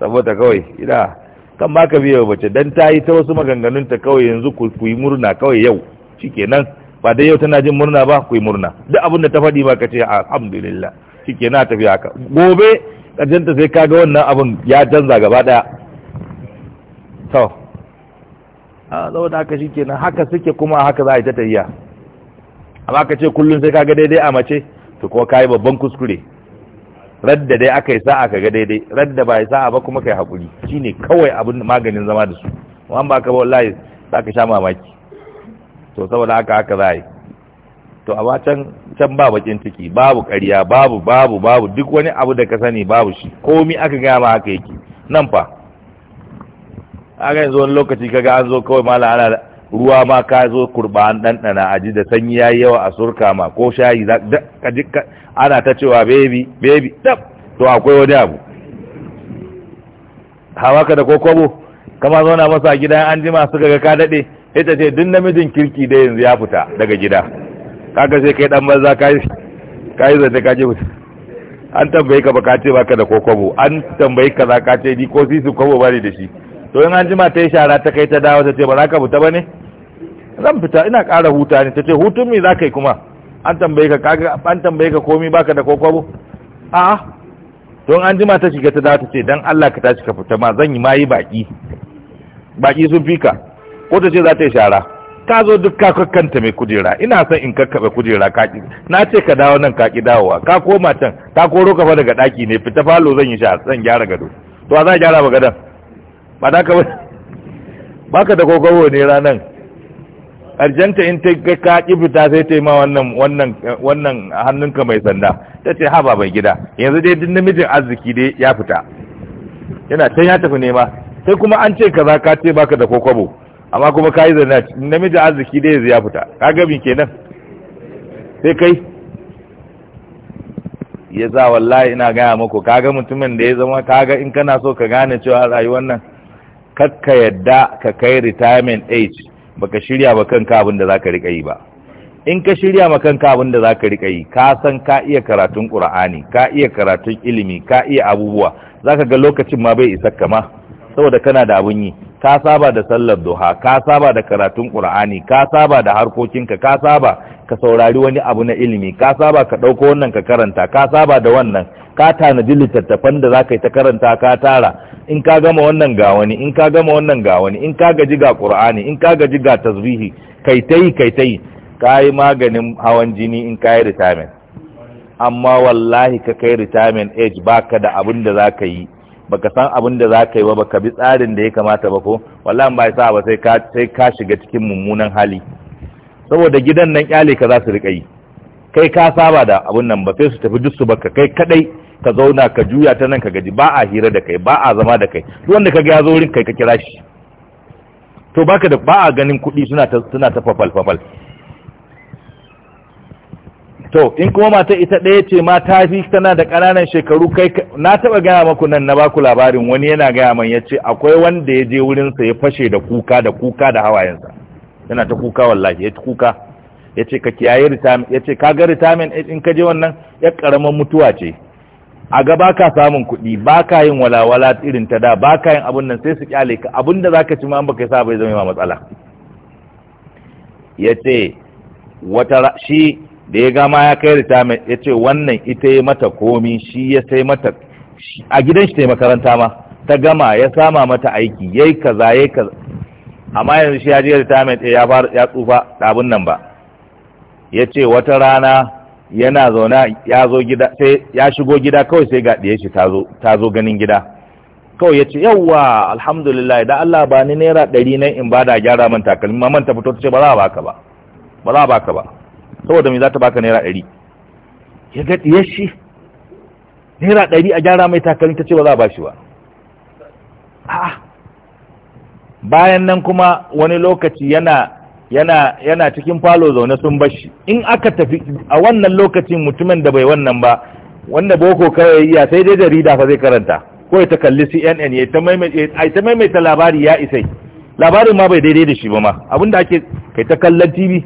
saboda kawai ina kan baka ka biya bace dan ta yi ta wasu maganganun ta kawai yanzu ku yi murna kawai yau shikenan ba dai yau tana jin murna ba ku yi murna duk abin da ta faɗi ba ka ce alhamdulillah ke na tafi haka gobe ƙarshenta sai ka ga wannan abin ya canza gaba ɗaya to a zama da haka shike nan haka suke kuma haka za a yi ta tafiya amma ka ce kullum sai ka ga daidai a mace to kuma ka yi babban kuskure radda dai aka yi sa'a ka ga daidai radda ba yi sa'a ba kuma ka yi haƙuri shine kawai abin maganin zama da su amma ba ka ba wallahi za ka sha mamaki to saboda haka haka za yi to a can can ba bakin ciki babu ƙarya babu babu babu duk wani abu da ka sani babu shi komi aka gaya ma haka yake nan fa aka yanzu wani lokaci kaga an zo kawai mala ana ruwa ma ka zo kurba an ɗanɗana a ji da sanyi ya yi yawa a surka ma ko shayi ana ta cewa baby baby dab to akwai wani abu hawa ka da ko kwabo kama zauna masa gidan an jima suka ga ka daɗe ita ce duk namijin kirki da yanzu ya fita daga gida kaga sai kai dan banza kai kai zai kaje je an tambaye ka baka ce baka da kokobo an tambaye ka za ka ce ni ko sisi kobo bari da shi to in an jima ta yi shara ta kai ta dawo ta ce ba za ka fita ba ne zan fita ina ƙara huta ne ta ce hutun mi za ka yi kuma an tambaye ka kaga an tambaye ka komi baka da kokobo a'a don an jima ta shiga ta dawo ta ce dan Allah ka tashi ka fita ma zan yi mayi baki baki sun fika ko ta ce za ta yi shara ta zo duk kakakkanta mai kujera ina son in kakkaɓe kujera kaki na ce ka dawo nan kaki dawowa ka koma can ta koro ka daga ɗaki ne fita falo zan yi shara zan gyara gado to a za a gyara ba gadon ba da ka ba ka da kokowo ne ranar? arjanta in ta ga kaki fita sai ta yi ma wannan wannan wannan hannunka mai sanda ta ce haba bai gida yanzu dai duk namijin arziki dai ya fita yana can ya tafi nema sai kuma an ce kaza ka ce baka da kokobo amma kuma ka yi namiji arziki dai yanzu ya fita ka gami kenan sai kai ya za wallahi ina gaya muku ga mutumin da ya zama Ka ga in kana so ka gane cewa rayuwar nan kakka yadda ka kai retirement age baka shirya ba kanka abin da zaka rika yi ba in ka shirya ma kanka abin da zaka rika yi ka san ka iya karatun Qur'ani ka iya karatun ilimi ka iya abubuwa zaka ga lokacin ma bai isa kama saboda kana da abun yi ka saba da sallar duha ka saba da karatun qur'ani ka saba da harkokinka ka saba ka saurari wani abu na ilimi ka saba ka dauko wannan ka karanta ka saba da wannan ka tanadi littattafan da zaka yi ta karanta ka tara in ka gama wannan ga wani in ka gama wannan ga wani in ka gaji ga qur'ani in ka gaji ga tasbihi kai tai kai tai kai maganin hawan jini in kai retirement amma wallahi ka kai retirement age baka da abin da zaka yi baka san abin da za ka yi ba baka bi tsarin da ya kamata ba ko wallahi ba sa ba sai ka sai ka shiga cikin mummunan hali saboda gidan nan kyale ka za su rika yi kai ka saba da abun nan ba sai su tafi duk su baka kai kadai ka zauna ka juya ta nan ka gaji ba a hira da kai ba a zama da kai duk wanda ka ga ya zo wurin kai ka kira shi to baka da ba a ganin kuɗi suna ta suna ta fafal fafal to in kuma mata ita ɗaya ce ma ta fi tana da ƙananan shekaru kai na taɓa gaya maku nan na baku labarin wani yana gaya man ya ce akwai wanda ya je wurinsa ya fashe da kuka da kuka da hawayensa yana ta kuka wallahi ya kuka ya ce ka kiyaye retirement ya ce ka ga retirement in ka je wannan ya ƙaramin mutuwa ce a ga ba samun kuɗi ba yin walawala irin ta da ba yin abun nan sai su kyale ka abun da zaka ka ci ma baka yi sa bai zama matsala ya ce wata shi da ya gama ya kai retirement ya ce wannan ita ya mata komi shi ya sai mata a gidan shi ta makaranta ma ta gama ya sama mata aiki ya yayi kaza yi kaza amma yanzu shi ya je retirement eh, ya fara ya tsufa abin nan ba ya ce wata rana yana zauna ya zo gida sai ya shigo gida kawai sai ga ɗiye shi ta zo ganin gida kawai ya ce yawwa alhamdulillah da Allah ba ni naira ɗari nan in ba da gyara man takalmi ma man ta fito ta ce ba za ba ba za a baka ba saboda me za ta baka naira ɗari ya ga ɗiyar shi naira ɗari a gyara mai takalmi ta ce ba za a bashi ba bayan nan kuma wani lokaci yana yana yana cikin falo zaune sun bashi in aka tafi a wannan lokacin mutumin da bai wannan ba wanda boko kawai ya sai dai rida fa zai karanta ko ya ta kalli CNN ya ta maimaita ta maimaita labari ya isai labarin ma bai daidai da shi ba ma abinda ake kai ta kallon TV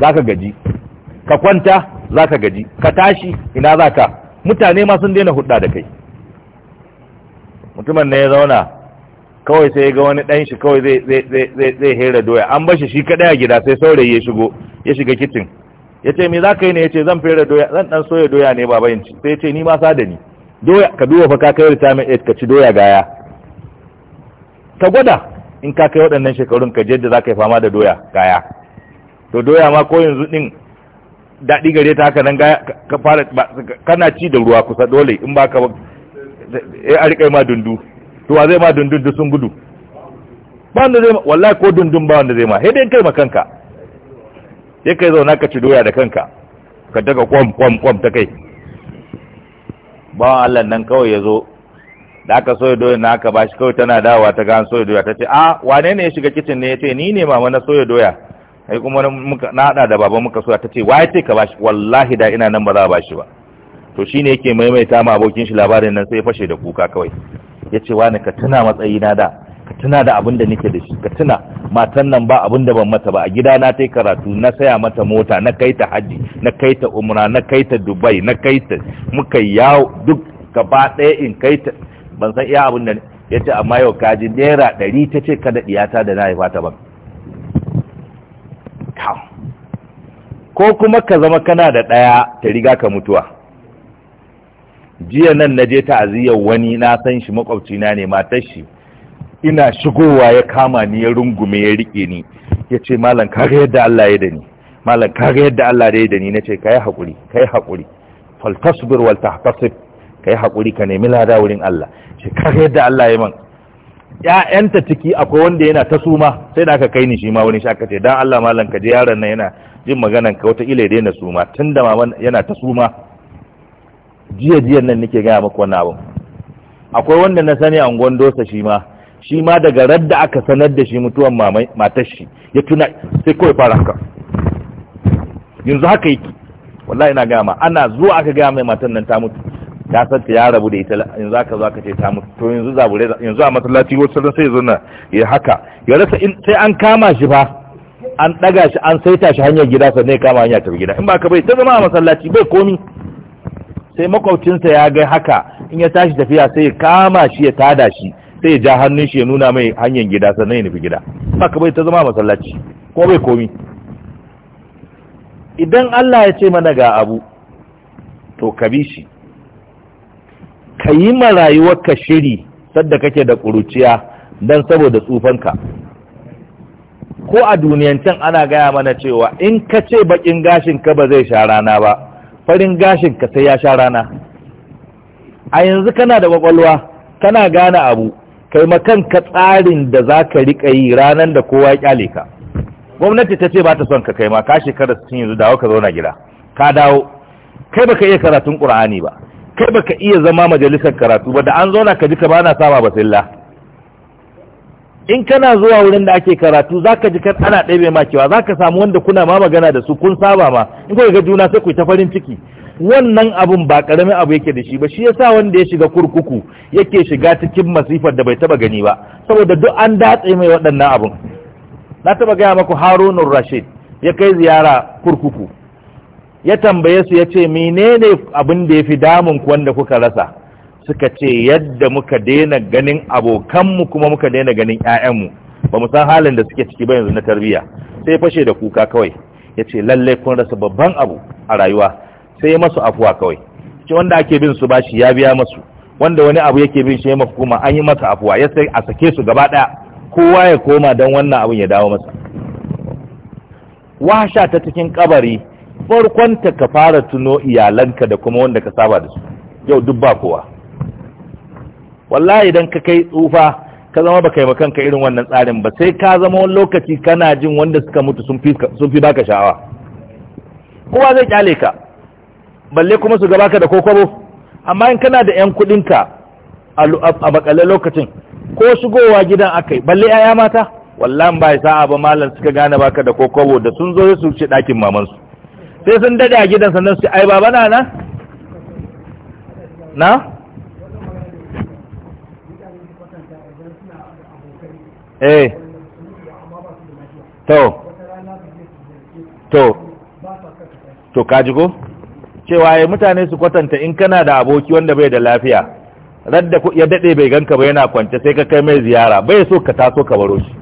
za ka gaji ka kwanta za ka gaji ka tashi ina za ka mutane ma sun daina hudda da kai mutumin na ya zauna kawai sai ga wani ɗan shi kawai zai hera doya an bashi shi kaɗai a gida sai saurayi ya shigo ya shiga kicin ya ce me za ka yi ne ya ce zan fera doya zan ɗan soya doya ne baba yin ci sai ya ni ma sa da ni doya ka duba fa ka kai retirement age ka ci doya gaya ka gwada in ka kai waɗannan shekarun ka je da za ka yi fama da doya gaya to doya ma ko yanzu din daɗi gare ta haka nan ka fara kana ci da ruwa kusa dole in ba ka eh a riƙa ma dundu to wa zai ma dundun da sun gudu ba wanda zai wallahi ko dundun ba wanda zai ma sai kai ma kanka sai kai zauna ka ci doya da kanka ka daga kwam kwam kwam ta kai bawan Allah nan kawai ya zo da aka soya doya na aka bashi kawai tana dawowa ta ga an soya doya ta ce a ah, wane ne ya shiga kicin ne ya ce ni ne mama na soya doya ai kuma na hada da baban muka so ta ce waye ce ka bashi wallahi da ina nan ba za a bashi ba to shine yake maimaita ma abokin shi labarin nan sai ya fashe da kuka kawai yace wani ka tuna matsayi na da ka tuna da abin da nake da shi ka tuna matan nan ba abin da ban mata ba a gida na tai karatu na saya mata mota na kai ta haji na kai ta umra na kai ta dubai na kai ta muka yawo duk gaba ɗaya in kai ta ban san iya abin da yace amma yau kaji naira ɗari tace ce kada ɗiyata da na haifa ta ba ta ko kuma ka zama kana da ɗaya ta riga ka mutuwa jiya nan na je ta'aziyar wani na san shi makwabcina ne matar shi ina shigowa ya kama ni ya rungume ya riƙe ni ya ce malam ga yadda Allah ya da ni malam ga yadda Allah ya da ni na ce kai haƙuri kai haƙuri faltasbir wal tahtasib kai haƙuri ka nemi lada wurin Allah ce kaga yadda Allah ya man ‘ya'yanta ciki akwai wanda yana ta suma sai da aka kai ni shi ma wani shaka ce don Allah mallan ka je yaron nan yana jin maganan ka wata ile daina suma tunda maman yana ta suma jiya jiya nan nake gaya maka wannan abu akwai wanda na sani a unguwan dosa shi ma shi ma daga radda aka sanar da shi mutuwan matar shi ya tuna sai kawai fara haka yanzu haka yake wallahi ina gama ana zuwa aka gaya mai matan nan ta mutu ta san ta ya rabu da ita yanzu aka zo aka ce ta mutu to yanzu zabure yanzu a masallaci wasu ran sai zuna ya haka ya rasa in sai an kama shi fa an daga shi an saita shi hanyar gida sannan ya kama hanya tafi gida in ba ka bai ta zama a masallaci bai komi sai makwabcinsa ya ga haka in ya tashi tafiya sai ya kama shi ya tada shi sai ya ja hannun shi ya nuna mai hanyar gida sannan ya nufi gida ba ka bai ta zama a masallaci ko bai komi idan Allah ya ce mana ga abu to ka bi shi ka yi ma rayuwar ka shiri sadda kake da ƙuruciya don saboda tsufanka ko a duniyancin ana gaya mana cewa in ka ce bakin ka ba zai sha rana ba farin gashin ka sai ya sha rana a yanzu kana da kwakwalwa kana gane abu kai ka tsarin da za ka riƙa yi ranar da kowa ya kyale ka gwamnati ta ce ba ta son ka kai ma ka shekara sun yanzu dawo ka zauna gida ka dawo kai baka iya karatun ƙur'ani ba kai baka iya zama majalisar karatu ba da an zauna ka ji ka bana sama ba. basilla in kana zuwa wurin da ake karatu zaka ji kan ana ɗaya mai makewa zaka samu wanda kuna ma magana da su kun saba ma in kuka ga juna sai ku ta farin ciki wannan abun ba karamin abu yake da shi ba shi yasa wanda ya shiga kurkuku yake shiga cikin masifar da bai taba gani ba saboda duk an datse mai waɗannan abun na taba gaya maku harunun rashid ya kai ziyara kurkuku ya tambaye su ya ce menene abin da ya fi damunku wanda kuka rasa suka ce yadda muka daina ganin abokanmu kuma muka daina ganin 'ya'yanmu ba mu san halin da suke ciki ba yanzu na tarbiyya sai fashe da kuka kawai ya ce lallai kun rasa babban abu a rayuwa sai ya masu afuwa kawai ce wanda ake bin su bashi ya biya masu wanda wani abu yake bin shi ya kuma an yi masa afuwa ya sai a sake su gaba ɗaya kowa ya koma don wannan abin ya dawo masa washa ta cikin kabari farkonta ka fara tuno iyalanka da kuma wanda ka saba da su yau duk ba kowa wallahi idan ka kai tsufa ka zama baka yi makanka irin wannan tsarin ba sai ka zama wani lokaci kana jin wanda suka mutu sun fi baka sha'awa kowa zai kyale ka balle kuma su gabaka da kokobo. amma in kana da 'yan kudinka a bakale lokacin ko shigowa gidan akai balle 'ya'ya mata wallan ba sa'a ba malam suka gane baka da kokobo da sun zo su ce ɗakin mamansu sai sun dade gidan sannan su ai baba na na? na eh to to to kaji ko cewa ya mutane su kwatanta in kana da aboki wanda bai da lafiya radda ya dade bai ganka ba yana kwance sai ka kai mai ziyara bai so ka taso ka baro shi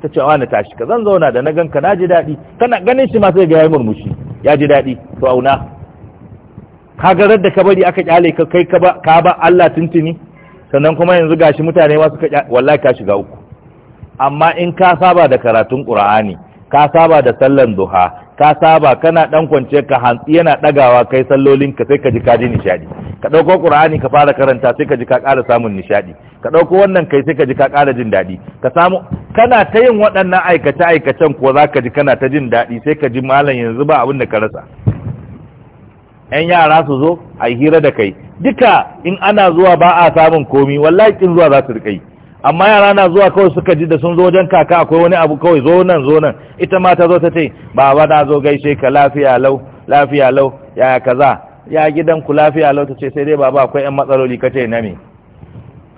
ta ce na tashi ka zan zauna da na ganka na ji daɗi kana ganin shi ma sai ga ya murmushi ya ji daɗi to auna ka ga da ka bari aka kyale ka kai ka ba Allah tuntuni sannan kuma yanzu gashi mutane ma ka wallahi ka shiga uku amma in ka saba da karatun Qur'ani ka saba da sallan duha ka saba kana dan kwance ka hantsi yana dagawa kai sallolin ka sai ka ji ka ji nishadi ka ɗauko ƙur'ani ka fara karanta sai ka ji ka ƙara samun nishaɗi ka ɗauko wannan kai sai ka ji ka ƙara jin daɗi ka samu kana ta yin waɗannan aikace aikacen ko za ka ji kana ta jin daɗi sai ka ji malam yanzu ba abin da ka rasa yan yara su zo a yi hira da kai duka in ana zuwa ba a samun komi wallahi kin zuwa za su riƙa amma yara na zuwa kawai suka ji da sun zo wajen kaka akwai wani abu kawai zo nan zo nan ita ma ta zo ta ce baba na zo gaishe ka lafiya lau lafiya lau yaya kaza ya gidan ku lafiya ta ce sai dai baba akwai yan matsaloli kace na me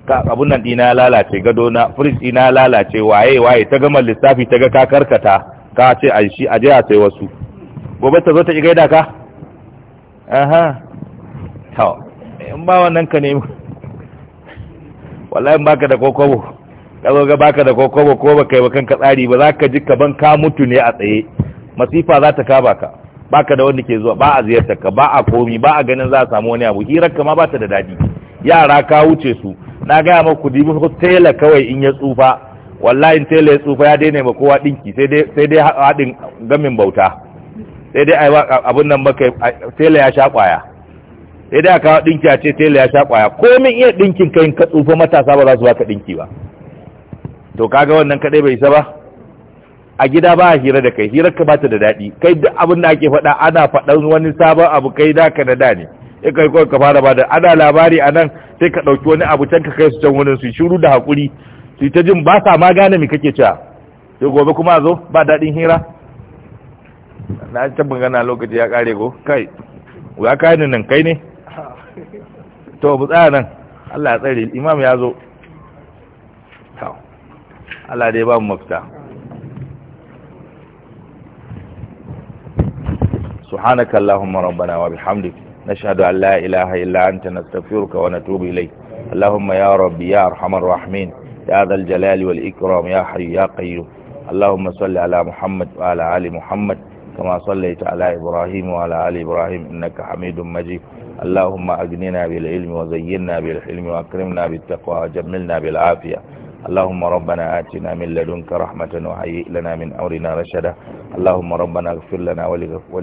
ka abun nan dina lalace gado na fridge dina lalace waye waye ta gama lissafi ta ga ka karkata ka ce ai shi aje a sai wasu gobe ta zo ta gaida ka aha to in ba wannan ka nemi wallahi baka da kokobo ka zo ga baka da kokobo ko baka yi ba kanka tsari ba za ka ji ka ban ka mutu ne a tsaye masifa za ta kaba ka baka da wanda ke zuwa ba a ziyartar ka ba a komi ba a ganin za a samu wani abu hirar ka ma ba ta da dadi yara ka wuce su na gaya maka ku mun ko tela kawai in ya tsufa wallahi in tela ya tsufa ya daina ba kowa dinki sai dai sai dai hadin gamin bauta sai dai abun nan baka tela ya sha kwaya sai dai aka dinki a ce tela ya sha kwaya komin iya dinkin kai ka tsufa matasa ba za su baka dinki ba to kaga wannan kadai bai isa ba a gida ba a hira da kai hirar ka bata da daɗi kai duk abin da ake faɗa ana faɗan wani sabon abu kai da ka da da ne sai kai kawai ka fara bada ana labari a nan sai ka ɗauki wani abu can ka kai su can wani su shiru da haƙuri su ta jin ba sa ma gane me kake cewa sai gobe kuma a zo ba daɗin hira na can gana lokaci ya ƙare ko kai ya kai ni nan kai ne to mu tsaya nan Allah ya tsare imam ya zo Allah dai ba mu mafita subhanaka allahumma rabbana wa bihamdik nashhadu an la ilaha illa anta nastaghfiruka wa natubu ilayk allahumma ya rabbi ya arhamar rahimin ya dhal jalali wal ikram ya hayyu ya qayyum اللهم صل على محمد وعلى ال محمد كما صليت على إبراهيم وعلى آل إبراهيم إنك حميد مجيد اللهم أجننا بالعلم وزينا بالحلم وأكرمنا بالتقوى وجملنا بالعافية اللهم ربنا آتنا من لدنك رحمة وهيئ لنا من أمرنا رشدا اللهم ربنا اغفر لنا ولغفر